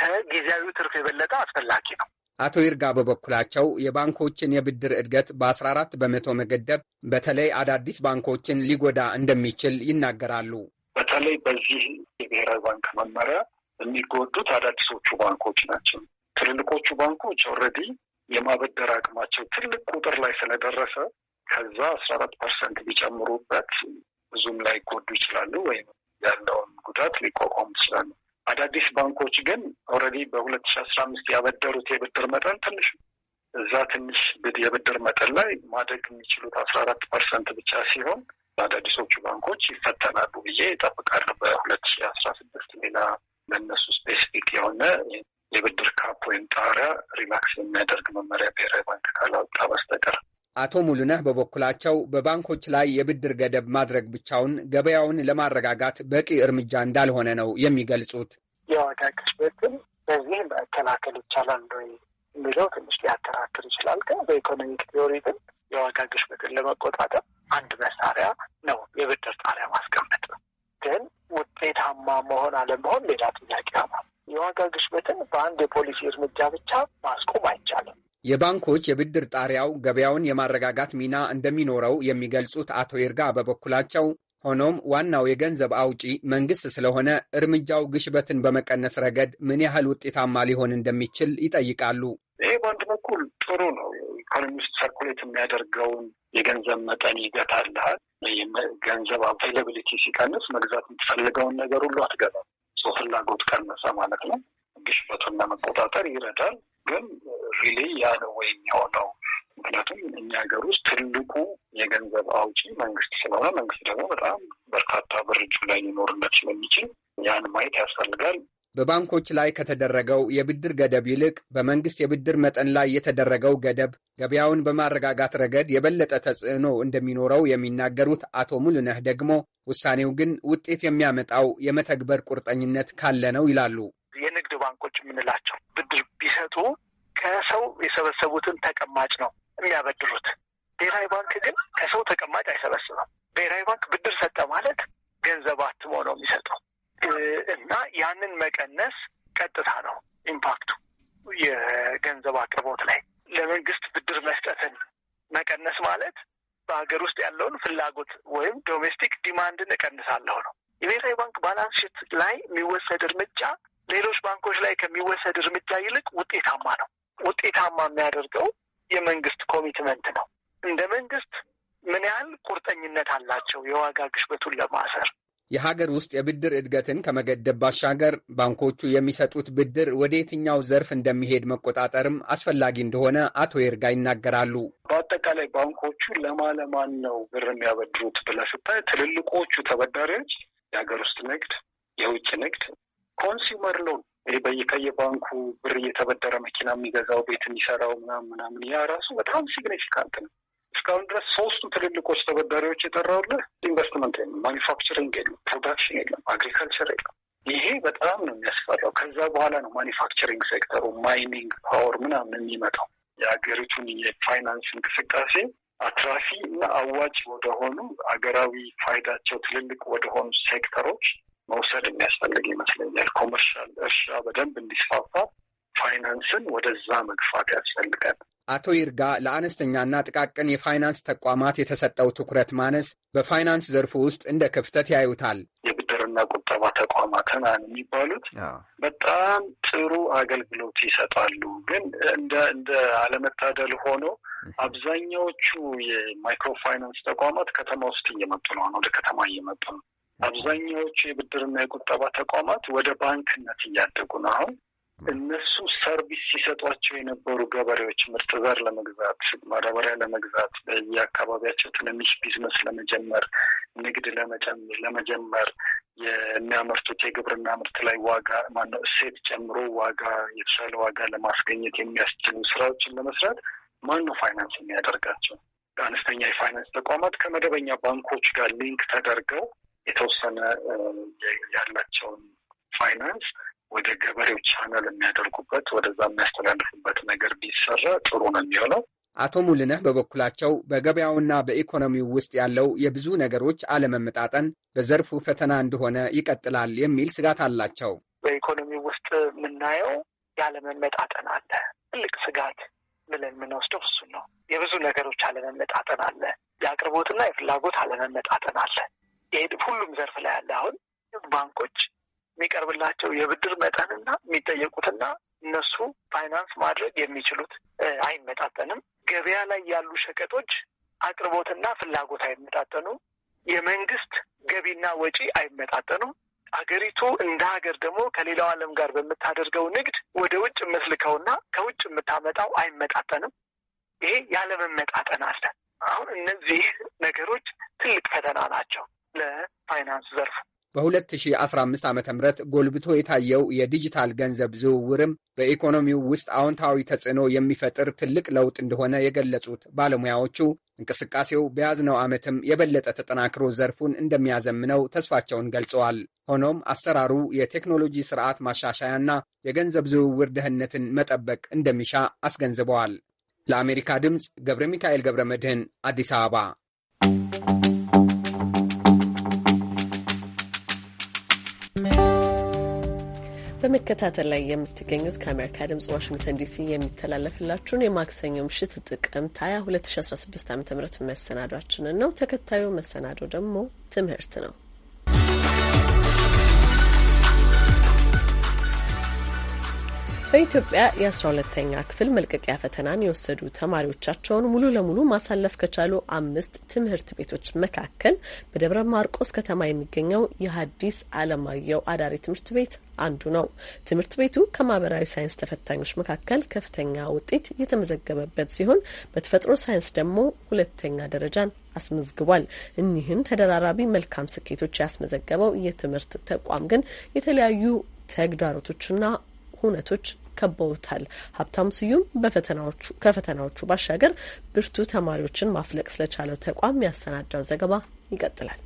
ከጊዜያዊ ትርፍ የበለጠ አስፈላጊ ነው። አቶ ይርጋ በበኩላቸው የባንኮችን የብድር እድገት በ14 በመቶ መገደብ በተለይ አዳዲስ ባንኮችን ሊጎዳ እንደሚችል ይናገራሉ። በተለይ በዚህ የብሔራዊ ባንክ መመሪያ የሚጎዱት አዳዲሶቹ ባንኮች ናቸው። ትልልቆቹ ባንኮች ኦልሬዲ የማበደር አቅማቸው ትልቅ ቁጥር ላይ ስለደረሰ ከዛ አስራ አራት ፐርሰንት ቢጨምሩበት ብዙም ላይጎዱ ይችላሉ ወይም ያለውን ጉዳት ሊቋቋሙ ይችላሉ። አዳዲስ ባንኮች ግን ኦልሬዲ በሁለት ሺ አስራ አምስት ያበደሩት የብድር መጠን ትንሽ እዛ ትንሽ የብድር መጠን ላይ ማደግ የሚችሉት አስራ አራት ፐርሰንት ብቻ ሲሆን አዳዲሶቹ ባንኮች ይፈተናሉ ብዬ ይጠብቃሉ። በሁለት ሺ አስራ ስድስት ሌላ ለእነሱ ስፔሲፊክ የሆነ የብድር ካፕ ወይም ጣሪያ ሪላክስ የሚያደርግ መመሪያ ብሔራዊ ባንክ ካላወጣ በስተቀር አቶ ሙሉነህ በበኩላቸው በባንኮች ላይ የብድር ገደብ ማድረግ ብቻውን ገበያውን ለማረጋጋት በቂ እርምጃ እንዳልሆነ ነው የሚገልጹት። የዋጋ ግሽበትን በዚህ መከላከል ይቻላል ወይ የሚለው ትንሽ ሊያከራክር ይችላል። ግን በኢኮኖሚክ ቴዎሪ ግን የዋጋ ግሽበትን ለመቆጣጠር አንድ መሳሪያ ነው የብድር ጣሪያ ማስቀመጥ ነው። ግን ውጤታማ መሆን አለመሆን ሌላ ጥያቄ ነው። የዋጋ ግሽበትን በአንድ የፖሊሲ እርምጃ ብቻ ማስቆም አይቻልም። የባንኮች የብድር ጣሪያው ገበያውን የማረጋጋት ሚና እንደሚኖረው የሚገልጹት አቶ ይርጋ በበኩላቸው ሆኖም ዋናው የገንዘብ አውጪ መንግስት ስለሆነ እርምጃው ግሽበትን በመቀነስ ረገድ ምን ያህል ውጤታማ ሊሆን እንደሚችል ይጠይቃሉ። ይሄ በአንድ በኩል ጥሩ ነው። ውስጥ ሰርኩሌት የሚያደርገውን የገንዘብ መጠን ይገታልሃል። ገንዘብ አቬይላብሊቲ ሲቀንስ መግዛት የምትፈልገውን ነገር ሁሉ አትገዛም። ሰው ፍላጎት ቀነሰ ማለት ነው። ግሽበቱን ለመቆጣጠር ይረዳል። ግን ሪሊ ያ ነው ወይ የሚሆነው? ምክንያቱም እኛ ሀገር ውስጥ ትልቁ የገንዘብ አውጪ መንግስት ስለሆነ መንግስት ደግሞ በጣም በርካታ ብር እጁ ላይ ሊኖርነት ስለሚችል ያን ማየት ያስፈልጋል። በባንኮች ላይ ከተደረገው የብድር ገደብ ይልቅ በመንግስት የብድር መጠን ላይ የተደረገው ገደብ ገበያውን በማረጋጋት ረገድ የበለጠ ተጽዕኖ እንደሚኖረው የሚናገሩት አቶ ሙሉነህ ደግሞ ውሳኔው ግን ውጤት የሚያመጣው የመተግበር ቁርጠኝነት ካለ ነው ይላሉ። የንግድ ባንኮች የምንላቸው ብድር ቢሰጡ ከሰው የሰበሰቡትን ተቀማጭ ነው የሚያበድሩት። ብሔራዊ ባንክ ግን ከሰው ተቀማጭ አይሰበስብም። ብሔራዊ ባንክ ብድር ሰጠ ማለት ገንዘብ አትሞ ነው የሚሰጠው እና ያንን መቀነስ ቀጥታ ነው ኢምፓክቱ የገንዘብ አቅርቦት ላይ። ለመንግስት ብድር መስጠትን መቀነስ ማለት በሀገር ውስጥ ያለውን ፍላጎት ወይም ዶሜስቲክ ዲማንድን እቀንሳለሁ ነው። የብሔራዊ ባንክ ባላንስ ሽት ላይ የሚወሰድ እርምጃ ሌሎች ባንኮች ላይ ከሚወሰድ እርምጃ ይልቅ ውጤታማ ነው። ውጤታማ የሚያደርገው የመንግስት ኮሚትመንት ነው። እንደ መንግስት ምን ያህል ቁርጠኝነት አላቸው የዋጋ ግሽበቱን ለማሰር? የሀገር ውስጥ የብድር እድገትን ከመገደብ ባሻገር ባንኮቹ የሚሰጡት ብድር ወደ የትኛው ዘርፍ እንደሚሄድ መቆጣጠርም አስፈላጊ እንደሆነ አቶ ይርጋ ይናገራሉ። በአጠቃላይ ባንኮቹ ለማለማን ነው ብር የሚያበድሩት ብለህ ስታይ ትልልቆቹ ተበዳሪዎች የሀገር ውስጥ ንግድ፣ የውጭ ንግድ፣ ኮንሱመር ሎን ይሄ ከየባንኩ ብር እየተበደረ መኪና የሚገዛው ቤት የሚሰራው ምናምን ምናምን ያ ራሱ በጣም ሲግኒፊካንት ነው። እስካሁን ድረስ ሶስቱ ትልልቆች ተበዳሪዎች የጠራውልህ ኢንቨስትመንት የለም፣ ማኒፋክቸሪንግ የለም፣ ፕሮዳክሽን የለም፣ አግሪካልቸር የለም። ይሄ በጣም ነው የሚያስፈራው። ከዛ በኋላ ነው ማኒፋክቸሪንግ ሴክተሩ ማይኒንግ፣ ፓወር ምናምን የሚመጣው የሀገሪቱን የፋይናንስ እንቅስቃሴ አትራፊ እና አዋጭ ወደሆኑ አገራዊ ፋይዳቸው ትልልቅ ወደሆኑ ሴክተሮች መውሰድ የሚያስፈልግ ይመስለኛል። ኮመርሻል እርሻ በደንብ እንዲስፋፋ ፋይናንስን ወደዛ መግፋት ያስፈልጋል። አቶ ይርጋ ለአነስተኛና ጥቃቅን የፋይናንስ ተቋማት የተሰጠው ትኩረት ማነስ በፋይናንስ ዘርፉ ውስጥ እንደ ክፍተት ያዩታል። የብድርና ቁጠባ ተቋማትን የሚባሉት በጣም ጥሩ አገልግሎት ይሰጣሉ። ግን እንደ እንደ አለመታደል ሆኖ አብዛኛዎቹ የማይክሮ ፋይናንስ ተቋማት ከተማ ውስጥ እየመጡ ነው፣ ወደ ከተማ እየመጡ ነው። አብዛኛዎቹ የብድርና የቁጠባ ተቋማት ወደ ባንክነት እያደጉ ነው። አሁን እነሱ ሰርቪስ ሲሰጧቸው የነበሩ ገበሬዎች ምርጥ ዘር ለመግዛት፣ ማዳበሪያ ለመግዛት፣ በየአካባቢያቸው ትንንሽ ቢዝነስ ለመጀመር፣ ንግድ ለመጀመር የሚያመርቱት የግብርና ምርት ላይ ዋጋ ማነው እሴት ጨምሮ ዋጋ የተሻለ ዋጋ ለማስገኘት የሚያስችሉ ስራዎችን ለመስራት ማነው ፋይናንስ የሚያደርጋቸው? አነስተኛ የፋይናንስ ተቋማት ከመደበኛ ባንኮች ጋር ሊንክ ተደርገው የተወሰነ ያላቸውን ፋይናንስ ወደ ገበሬው ቻነል የሚያደርጉበት ወደዛ የሚያስተላልፉበት ነገር ቢሰራ ጥሩ ነው የሚሆነው። አቶ ሙልነህ በበኩላቸው በገበያውና በኢኮኖሚው ውስጥ ያለው የብዙ ነገሮች አለመመጣጠን በዘርፉ ፈተና እንደሆነ ይቀጥላል የሚል ስጋት አላቸው። በኢኮኖሚው ውስጥ የምናየው ያለመመጣጠን አለ። ትልቅ ስጋት ብለን የምንወስደው እሱን ነው። የብዙ ነገሮች አለመመጣጠን አለ። የአቅርቦትና የፍላጎት አለመመጣጠን አለ። ሁሉም ዘርፍ ላይ ያለ አሁን ባንኮች የሚቀርብላቸው የብድር መጠንና የሚጠየቁትና እነሱ ፋይናንስ ማድረግ የሚችሉት አይመጣጠንም። ገበያ ላይ ያሉ ሸቀጦች አቅርቦትና ፍላጎት አይመጣጠኑም። የመንግስት ገቢና ወጪ አይመጣጠኑም። አገሪቱ እንደ ሀገር ደግሞ ከሌላው ዓለም ጋር በምታደርገው ንግድ ወደ ውጭ የምትልከውና ከውጭ የምታመጣው አይመጣጠንም። ይሄ ያለመመጣጠን አለ። አሁን እነዚህ ነገሮች ትልቅ ፈተና ናቸው። ለፋይናንስ ዘርፉ። በ2015 ዓ ም ጎልብቶ የታየው የዲጂታል ገንዘብ ዝውውርም በኢኮኖሚው ውስጥ አዎንታዊ ተጽዕኖ የሚፈጥር ትልቅ ለውጥ እንደሆነ የገለጹት ባለሙያዎቹ እንቅስቃሴው በያዝነው ዓመትም የበለጠ ተጠናክሮ ዘርፉን እንደሚያዘምነው ተስፋቸውን ገልጸዋል። ሆኖም አሰራሩ የቴክኖሎጂ ስርዓት ማሻሻያና የገንዘብ ዝውውር ደህንነትን መጠበቅ እንደሚሻ አስገንዝበዋል። ለአሜሪካ ድምፅ ገብረ ሚካኤል ገብረ መድህን አዲስ አበባ በመከታተል ላይ የምትገኙት ከአሜሪካ ድምጽ ዋሽንግተን ዲሲ የሚተላለፍላችሁን የማክሰኞ ምሽት ጥቅምት 20 2016 ዓ ም መሰናዷችንን ነው። ተከታዩ መሰናዶ ደግሞ ትምህርት ነው። በኢትዮጵያ የ12ተኛ ክፍል መልቀቂያ ፈተናን የወሰዱ ተማሪዎቻቸውን ሙሉ ለሙሉ ማሳለፍ ከቻሉ አምስት ትምህርት ቤቶች መካከል በደብረ ማርቆስ ከተማ የሚገኘው የሀዲስ አለማየሁ አዳሪ ትምህርት ቤት አንዱ ነው። ትምህርት ቤቱ ከማህበራዊ ሳይንስ ተፈታኞች መካከል ከፍተኛ ውጤት የተመዘገበበት ሲሆን በተፈጥሮ ሳይንስ ደግሞ ሁለተኛ ደረጃን አስመዝግቧል። እኒህን ተደራራቢ መልካም ስኬቶች ያስመዘገበው የትምህርት ተቋም ግን የተለያዩ ተግዳሮቶችና ሁነቶች ከበውታል። ሀብታም ስዩም ከፈተናዎቹ ባሻገር ብርቱ ተማሪዎችን ማፍለቅ ስለቻለው ተቋም ያሰናዳው ዘገባ ይቀጥላል።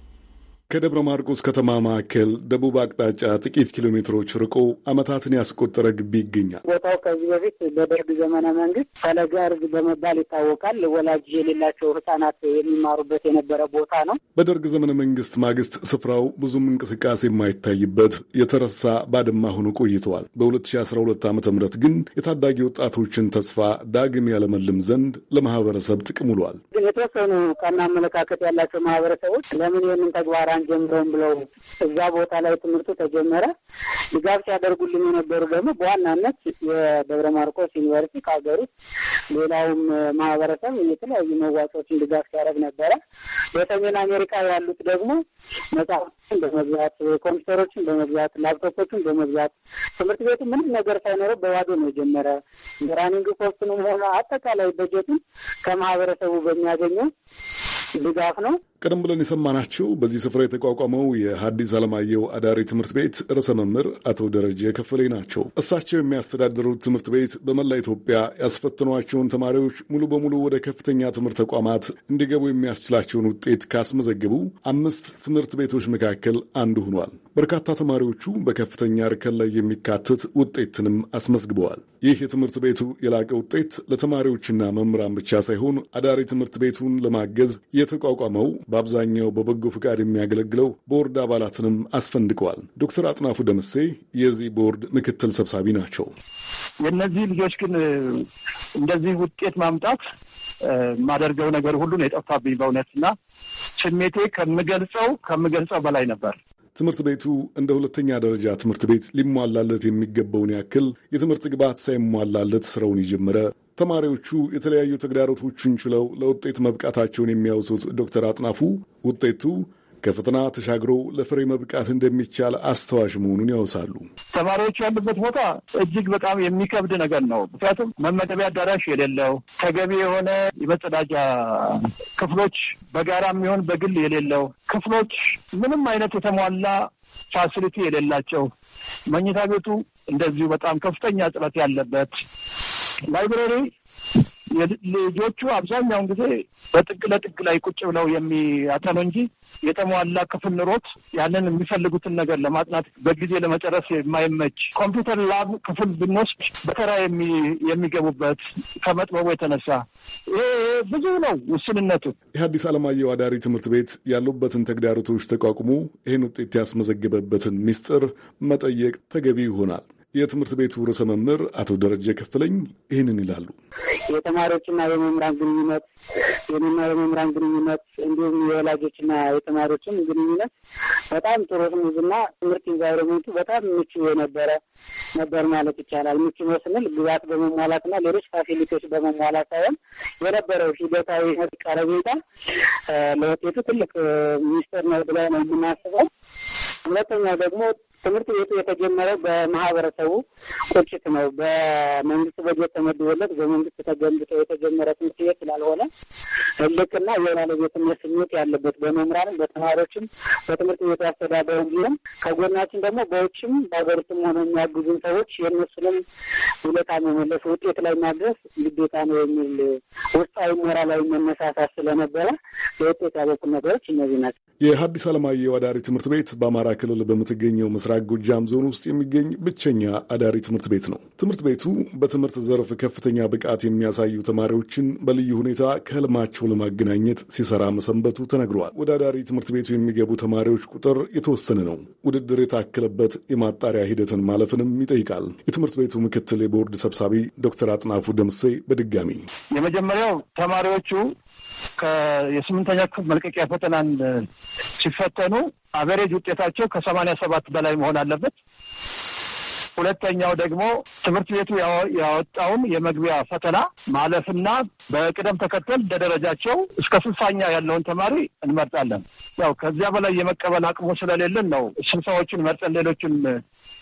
ከደብረ ማርቆስ ከተማ ማዕከል ደቡብ አቅጣጫ ጥቂት ኪሎ ሜትሮች ርቆ ዓመታትን ያስቆጠረ ግቢ ይገኛል። ቦታው ከዚህ በፊት በደርግ ዘመነ መንግስት ፈለገ እርግ በመባል ይታወቃል። ወላጅ የሌላቸው ህጻናት የሚማሩበት የነበረ ቦታ ነው። በደርግ ዘመነ መንግስት ማግስት ስፍራው ብዙም እንቅስቃሴ የማይታይበት የተረሳ ባድማ ሆኖ ቆይተዋል። በ2012 ዓ ም ግን የታዳጊ ወጣቶችን ተስፋ ዳግም ያለመልም ዘንድ ለማህበረሰብ ጥቅም ውሏል። የተወሰኑ ቀና አመለካከት ያላቸው ማህበረሰቦች ለምን የምን ተግባራ አንጀምረውም ብለው እዛ ቦታ ላይ ትምህርቱ ተጀመረ። ድጋፍ ሲያደርጉልን የነበሩ ደግሞ በዋናነት የደብረ ማርቆስ ዩኒቨርሲቲ ከሀገር ውስጥ ሌላውም ማህበረሰብ የተለያዩ መዋጮዎችን ድጋፍ ሲያደርግ ነበረ። በሰሜን አሜሪካ ያሉት ደግሞ መጽሐፎችን በመግዛት ኮምፒውተሮችን በመግዛት ላፕቶፖችን በመግዛት ትምህርት ቤቱ ምንም ነገር ሳይኖረው በባዶ ነው የጀመረ። የራኒንግ ኮስትንም ሆነ አጠቃላይ በጀቱን ከማህበረሰቡ በሚያገኘው ድጋፍ ነው። ቀደም ብለን የሰማናቸው በዚህ ስፍራ የተቋቋመው የሐዲስ ዓለማየሁ አዳሪ ትምህርት ቤት ርዕሰ መምህር አቶ ደረጀ ከፍሌ ናቸው። እሳቸው የሚያስተዳድሩት ትምህርት ቤት በመላ ኢትዮጵያ ያስፈተኗቸውን ተማሪዎች ሙሉ በሙሉ ወደ ከፍተኛ ትምህርት ተቋማት እንዲገቡ የሚያስችላቸውን ውጤት ካስመዘገቡ አምስት ትምህርት ቤቶች መካከል አንዱ ሆኗል። በርካታ ተማሪዎቹ በከፍተኛ እርከን ላይ የሚካተት ውጤትንም አስመዝግበዋል። ይህ የትምህርት ቤቱ የላቀ ውጤት ለተማሪዎችና መምህራን ብቻ ሳይሆን አዳሪ ትምህርት ቤቱን ለማገዝ የተቋቋመው በአብዛኛው በበጎ ፈቃድ የሚያገለግለው ቦርድ አባላትንም አስፈንድቀዋል። ዶክተር አጥናፉ ደምሴ የዚህ ቦርድ ምክትል ሰብሳቢ ናቸው። የእነዚህ ልጆች ግን እንደዚህ ውጤት ማምጣት የማደርገው ነገር ሁሉ ነው የጠፋብኝ በእውነትና ስሜቴ ከምገልጸው ከምገልጸው በላይ ነበር። ትምህርት ቤቱ እንደ ሁለተኛ ደረጃ ትምህርት ቤት ሊሟላለት የሚገባውን ያክል የትምህርት ግብዓት ሳይሟላለት ስራውን የጀመረ ተማሪዎቹ የተለያዩ ተግዳሮቶችን ችለው ለውጤት መብቃታቸውን የሚያውሱት ዶክተር አጥናፉ ውጤቱ ከፈተና ተሻግሮ ለፍሬ መብቃት እንደሚቻል አስተዋሽ መሆኑን ያውሳሉ። ተማሪዎቹ ያሉበት ቦታ እጅግ በጣም የሚከብድ ነገር ነው። ምክንያቱም መመገቢያ አዳራሽ የሌለው ተገቢ የሆነ የመጸዳጃ ክፍሎች በጋራ የሚሆን በግል የሌለው ክፍሎች ምንም አይነት የተሟላ ፋሲሊቲ የሌላቸው መኝታ ቤቱ እንደዚሁ በጣም ከፍተኛ ጥረት ያለበት ላይብረሪ ልጆቹ አብዛኛውን ጊዜ በጥግ ለጥግ ላይ ቁጭ ብለው የሚያተኑ እንጂ የተሟላ ክፍል ኑሮት ያንን የሚፈልጉትን ነገር ለማጥናት በጊዜ ለመጨረስ የማይመች ኮምፒውተር ላብ ክፍል ብንወስድ በተራ የሚገቡበት ከመጥበቡ የተነሳ ይሄ ብዙ ነው ውስንነቱ። የሐዲስ ዓለማየሁ አዳሪ ትምህርት ቤት ያሉበትን ተግዳሮቶች ተቋቁሞ ይህን ውጤት ያስመዘገበበትን ሚስጥር መጠየቅ ተገቢ ይሆናል። የትምህርት ቤቱ ርዕሰ መምህር አቶ ደረጀ ከፍለኝ ይህንን ይላሉ። የተማሪዎችና የመምህራን ግንኙነት የመና የመምህራን ግንኙነት እንዲሁም የወላጆችና የተማሪዎችን ግንኙነት በጣም ጥሩ ስሙዝና ትምህርት ኢንቫይሮመንቱ በጣም ምቹ የነበረ ነበር ማለት ይቻላል። ምቹ ነው ስንል ግብዓት በመሟላትና ሌሎች ፋሲሊቲዎች በመሟላት ሳይሆን የነበረው ሂደታዊ ቀረቤታ ለውጤቱ ትልቅ ሚስጥር ነው ብለን ነው የምናስበው። ሁለተኛው ደግሞ ትምህርት ቤቱ የተጀመረው በማህበረሰቡ ቁጭት ነው። በመንግስት በጀት ተመድቦለት በመንግስት ተገንብቶ የተጀመረ ትምህርት ቤት ስላልሆነ ትልቅና የባለቤትነት ስሜት ያለበት በመምህራንም፣ በተማሪዎችም፣ በትምህርት ቤቱ አስተዳደሩም ቢሆን ከጎናችን ደግሞ በውጭም በሀገር ውስጥም ሆነ የሚያግዙን ሰዎች የእነሱንም ውለታ መመለስ ውጤት ላይ ማድረስ ግዴታ ነው የሚል ውስጣዊ ሞራላዊ መነሳሳት ስለነበረ ለውጤት ያበቁ ነገሮች እነዚህ ናቸው። የሀዲስ ዓለማየሁ አዳሪ ትምህርት ቤት በአማራ ክልል በምትገኘው ምስራቅ ጎጃም ዞን ውስጥ የሚገኝ ብቸኛ አዳሪ ትምህርት ቤት ነው። ትምህርት ቤቱ በትምህርት ዘርፍ ከፍተኛ ብቃት የሚያሳዩ ተማሪዎችን በልዩ ሁኔታ ከህልማቸው ለማገናኘት ሲሰራ መሰንበቱ ተነግረዋል። ወደ አዳሪ ትምህርት ቤቱ የሚገቡ ተማሪዎች ቁጥር የተወሰነ ነው። ውድድር የታከለበት የማጣሪያ ሂደትን ማለፍንም ይጠይቃል። የትምህርት ቤቱ ምክትል የቦርድ ሰብሳቢ ዶክተር አጥናፉ ደምሴ በድጋሚ የመጀመሪያው ተማሪዎቹ የስምንተኛ ክፍል መልቀቂያ ፈተናን ሲፈተኑ አቨሬጅ ውጤታቸው ከሰማንያ ሰባት በላይ መሆን አለበት። ሁለተኛው ደግሞ ትምህርት ቤቱ ያወጣውን የመግቢያ ፈተና ማለፍና በቅደም ተከተል እንደ ደረጃቸው እስከ ስልሳኛ ያለውን ተማሪ እንመርጣለን። ያው ከዚያ በላይ የመቀበል አቅሙ ስለሌለን ነው ስልሳዎቹን መርጠን ሌሎችን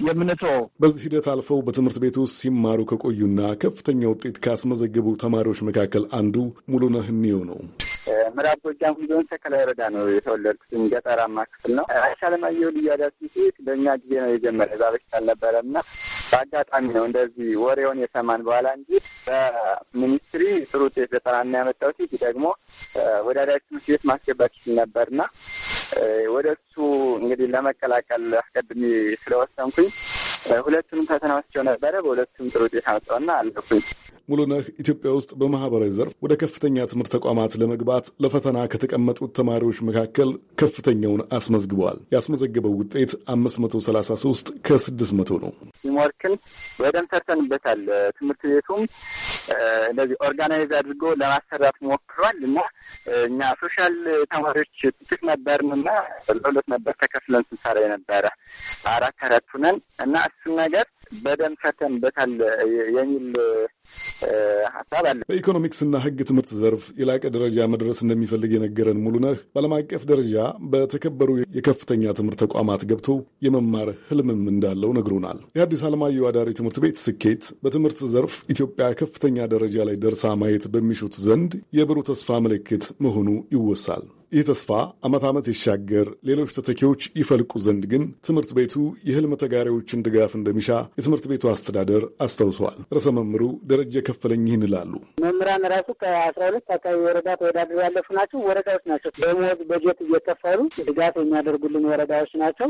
የምንተው። በዚህ ሂደት አልፈው በትምህርት ቤት ውስጥ ሲማሩ ከቆዩና ከፍተኛ ውጤት ካስመዘገቡ ተማሪዎች መካከል አንዱ ሙሉነህ እንየው ነው። ምዕራብ ጎጃም ዞን ተከላይ ወረዳ ነው የተወለድኩት። ገጠራማ ክፍል ነው። አሻ አለማየሁ ልያዳሲ አዳሲ ሲት በእኛ ጊዜ ነው የጀመረ። እዛ በሽታ አልነበረምና በአጋጣሚ ነው እንደዚህ ወሬውን የሰማን በኋላ እንጂ በሚኒስትሪ ጥሩ ውጤት ዘጠናና ያመጣው ሲት ደግሞ ወደ አዳሪ ትምህርት ቤት ማስገባት ይችል ነበርና ወደ እሱ እንግዲህ ለመቀላቀል አስቀድሜ ስለወሰንኩኝ ሁለቱንም ፈተና ነበረ። በሁለቱም ጥሩ ውጤት አመጣሁና አለፍኩኝ። ሙሉነህ ኢትዮጵያ ውስጥ በማህበራዊ ዘርፍ ወደ ከፍተኛ ትምህርት ተቋማት ለመግባት ለፈተና ከተቀመጡት ተማሪዎች መካከል ከፍተኛውን አስመዝግበዋል። ያስመዘገበው ውጤት አምስት መቶ ሰላሳ ሶስት ከስድስት መቶ ነው። ሲሞርክን በደንብ ሰርተንበታል። ትምህርት ቤቱም እንደዚህ ኦርጋናይዝ አድርጎ ለማሰራት ሞክሯል እና እኛ ሶሻል ተማሪዎች ጥቂት ነበርን እና ለሁለት ነበር ተከፍለን ስንሰራ የነበረ አራት አራት እና እሱን ነገር በደንብ ፈተንበታል የሚል ሀሳብ አለ። በኢኮኖሚክስና ሕግ ትምህርት ዘርፍ የላቀ ደረጃ መድረስ እንደሚፈልግ የነገረን ሙሉነህ በዓለም አቀፍ ደረጃ በተከበሩ የከፍተኛ ትምህርት ተቋማት ገብቶ የመማር ህልምም እንዳለው ነግሩናል። የአዲስ አለማየሁ አዳሪ ትምህርት ቤት ስኬት በትምህርት ዘርፍ ኢትዮጵያ ከፍተኛ ደረጃ ላይ ደርሳ ማየት በሚሹት ዘንድ የብሩህ ተስፋ ምልክት መሆኑ ይወሳል። ይህ ተስፋ ዓመት ዓመት ይሻገር፣ ሌሎች ተተኪዎች ይፈልቁ ዘንድ ግን ትምህርት ቤቱ የህልም ተጋሪዎችን ድጋፍ እንደሚሻ የትምህርት ቤቱ አስተዳደር አስታውሰዋል። ርዕሰ መምህሩ ደረጀ ከፈለኝ ይህን ይላሉ። መምህራን ራሱ ከአስራ ሁለት አካባቢ ወረዳ ተወዳድረው ያለፉ ናቸው። ወረዳዎች ናቸው ደሞዝ በጀት እየከፈሉ ድጋፍ የሚያደርጉልን ወረዳዎች ናቸው።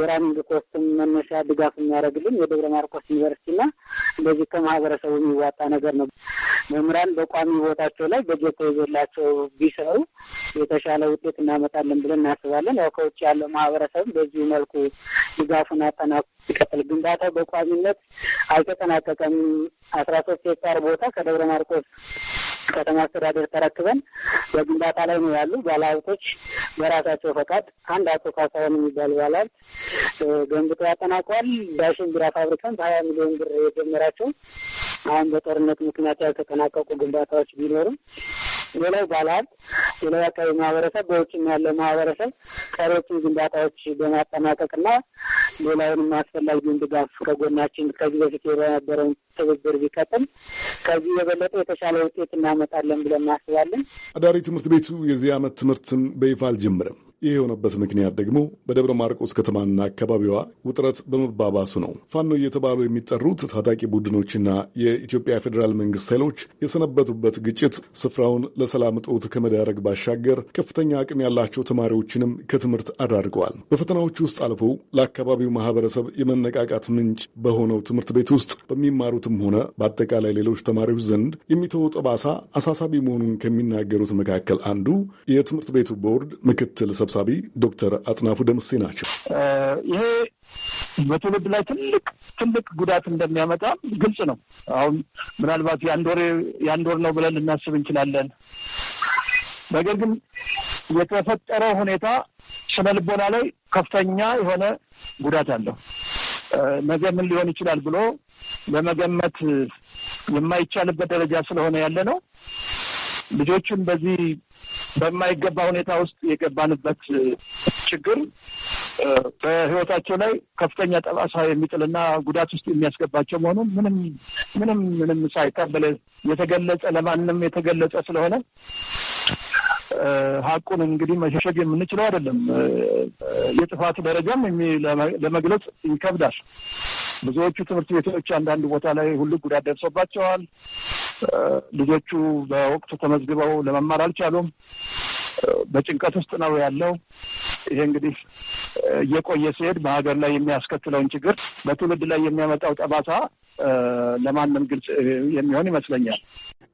የራኒንግ ኮስትም መነሻ ድጋፍ የሚያደርግልን የደብረ ማርቆስ ዩኒቨርሲቲና እንደዚህ ከማህበረሰቡ የሚዋጣ ነገር ነው። መምህራን በቋሚ ቦታቸው ላይ በጀት ተይዞላቸው ቢሰሩ የተሻለ ውጤት እናመጣለን ብለን እናስባለን። ያው ከውጭ ያለው ማህበረሰብ በዚህ መልኩ ድጋፉን አጠና ይቀጥል። ግንባታው በቋሚነት አልተጠናቀቀም። አስራ ሶስት ሄክታር ቦታ ከደብረ ማርቆስ ከተማ አስተዳደር ተረክበን በግንባታ ላይ ነው ያሉ ባለሀብቶች በራሳቸው ፈቃድ አንድ አቶ ካሳሁን የሚባል ባለሀብት ገንብቶ ያጠናቋል። ዳሽን ቢራ ፋብሪካን በሀያ ሚሊዮን ብር የጀመራቸው አሁን በጦርነት ምክንያት ያልተጠናቀቁ ግንባታዎች ቢኖርም ሌላው ባለሀብት ሌላው አካባቢ ማህበረሰብ በውጭም ያለው ማህበረሰብ ቀሪዎቹን ግንባታዎች በማጠናቀቅና ሌላውንም አስፈላጊውን ድጋፍ ከጎናችን ከዚህ በፊት የነበረውን ትብብር ቢቀጥል ከዚህ የበለጠ የተሻለ ውጤት እናመጣለን ብለን እናስባለን። አዳሪ ትምህርት ቤቱ የዚህ ዓመት ትምህርትን በይፋ አልጀምርም። ይህ የሆነበት ምክንያት ደግሞ በደብረ ማርቆስ ከተማና አካባቢዋ ውጥረት በመባባሱ ነው። ፋኖ እየተባሉ የሚጠሩት ታጣቂ ቡድኖችና የኢትዮጵያ ፌዴራል መንግስት ኃይሎች የሰነበቱበት ግጭት ስፍራውን ለሰላም እጦት ከመዳረግ ባሻገር ከፍተኛ አቅም ያላቸው ተማሪዎችንም ከትምህርት አዳርገዋል። በፈተናዎች ውስጥ አልፎ ለአካባቢው ማህበረሰብ የመነቃቃት ምንጭ በሆነው ትምህርት ቤት ውስጥ በሚማሩትም ሆነ በአጠቃላይ ሌሎች ተማሪዎች ዘንድ የሚተወው ጠባሳ አሳሳቢ መሆኑን ከሚናገሩት መካከል አንዱ የትምህርት ቤቱ ቦርድ ምክትል ሰብሳቢ ዶክተር አጥናፉ ደምሴ ናቸው። ይሄ በትውልድ ላይ ትልቅ ትልቅ ጉዳት እንደሚያመጣ ግልጽ ነው። አሁን ምናልባት የአንድ ወር ነው ብለን ልናስብ እንችላለን። ነገር ግን የተፈጠረው ሁኔታ ስነ ልቦና ላይ ከፍተኛ የሆነ ጉዳት አለው። ነገ ምን ሊሆን ይችላል ብሎ ለመገመት የማይቻልበት ደረጃ ስለሆነ ያለ ነው። ልጆችን በዚህ በማይገባ ሁኔታ ውስጥ የገባንበት ችግር በህይወታቸው ላይ ከፍተኛ ጠባሳ የሚጥልና ጉዳት ውስጥ የሚያስገባቸው መሆኑን ምንም ምንም ምንም ሳይታበለ የተገለጸ ለማንም የተገለጸ ስለሆነ ሀቁን እንግዲህ መሸሸግ የምንችለው አይደለም። የጥፋቱ ደረጃም ለመግለጽ ይከብዳል። ብዙዎቹ ትምህርት ቤቶች አንዳንድ ቦታ ላይ ሁሉ ጉዳት ደርሶባቸዋል። ልጆቹ በወቅቱ ተመዝግበው ለመማር አልቻሉም። በጭንቀት ውስጥ ነው ያለው። ይሄ እንግዲህ እየቆየ ሲሄድ በሀገር ላይ የሚያስከትለውን ችግር በትውልድ ላይ የሚያመጣው ጠባሳ ለማንም ግልጽ የሚሆን ይመስለኛል።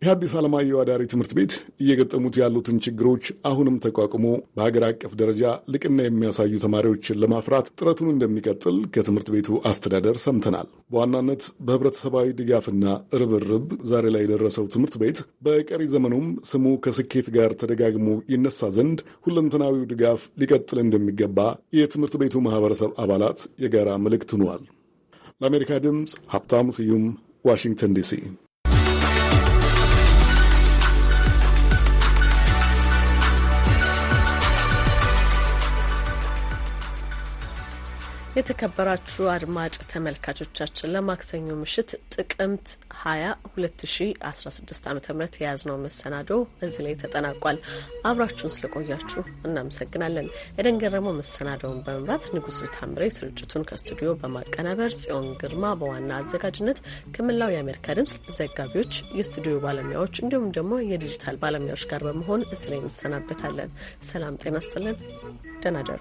የሐዲስ ዓለማየሁ አዳሪ ትምህርት ቤት እየገጠሙት ያሉትን ችግሮች አሁንም ተቋቁሞ በሀገር አቀፍ ደረጃ ልቅና የሚያሳዩ ተማሪዎችን ለማፍራት ጥረቱን እንደሚቀጥል ከትምህርት ቤቱ አስተዳደር ሰምተናል። በዋናነት በህብረተሰባዊ ድጋፍና ርብርብ ዛሬ ላይ የደረሰው ትምህርት ቤት በቀሪ ዘመኑም ስሙ ከስኬት ጋር ተደጋግሞ ይነሳ ዘንድ ሁለንተናዊው ድጋፍ ሊቀጥል እንደሚገባ የትምህርት ቤቱ ማህበረሰብ አባላት የጋራ መልእክት ሆኗል። ለአሜሪካ ድምፅ ሀብታሙ ስዩም ዋሽንግተን ዲሲ የተከበራችሁ አድማጭ ተመልካቾቻችን ለማክሰኞ ምሽት ጥቅምት 20 2016 ዓ ም የያዝነው መሰናዶ በዚህ ላይ ተጠናቋል። አብራችሁን ስለቆያችሁ እናመሰግናለን። ኤደን ገረመው መሰናዶውን በመምራት ንጉሱ ታምሬ ስርጭቱን ከስቱዲዮ በማቀናበር ጽዮን ግርማ በዋና አዘጋጅነት ከመላው የአሜሪካ ድምፅ ዘጋቢዎች፣ የስቱዲዮ ባለሙያዎች እንዲሁም ደግሞ የዲጂታል ባለሙያዎች ጋር በመሆን እዚህ ላይ እንሰናበታለን። ሰላም ጤና ስጥልን። ደህና ደሩ።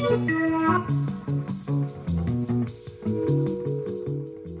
Música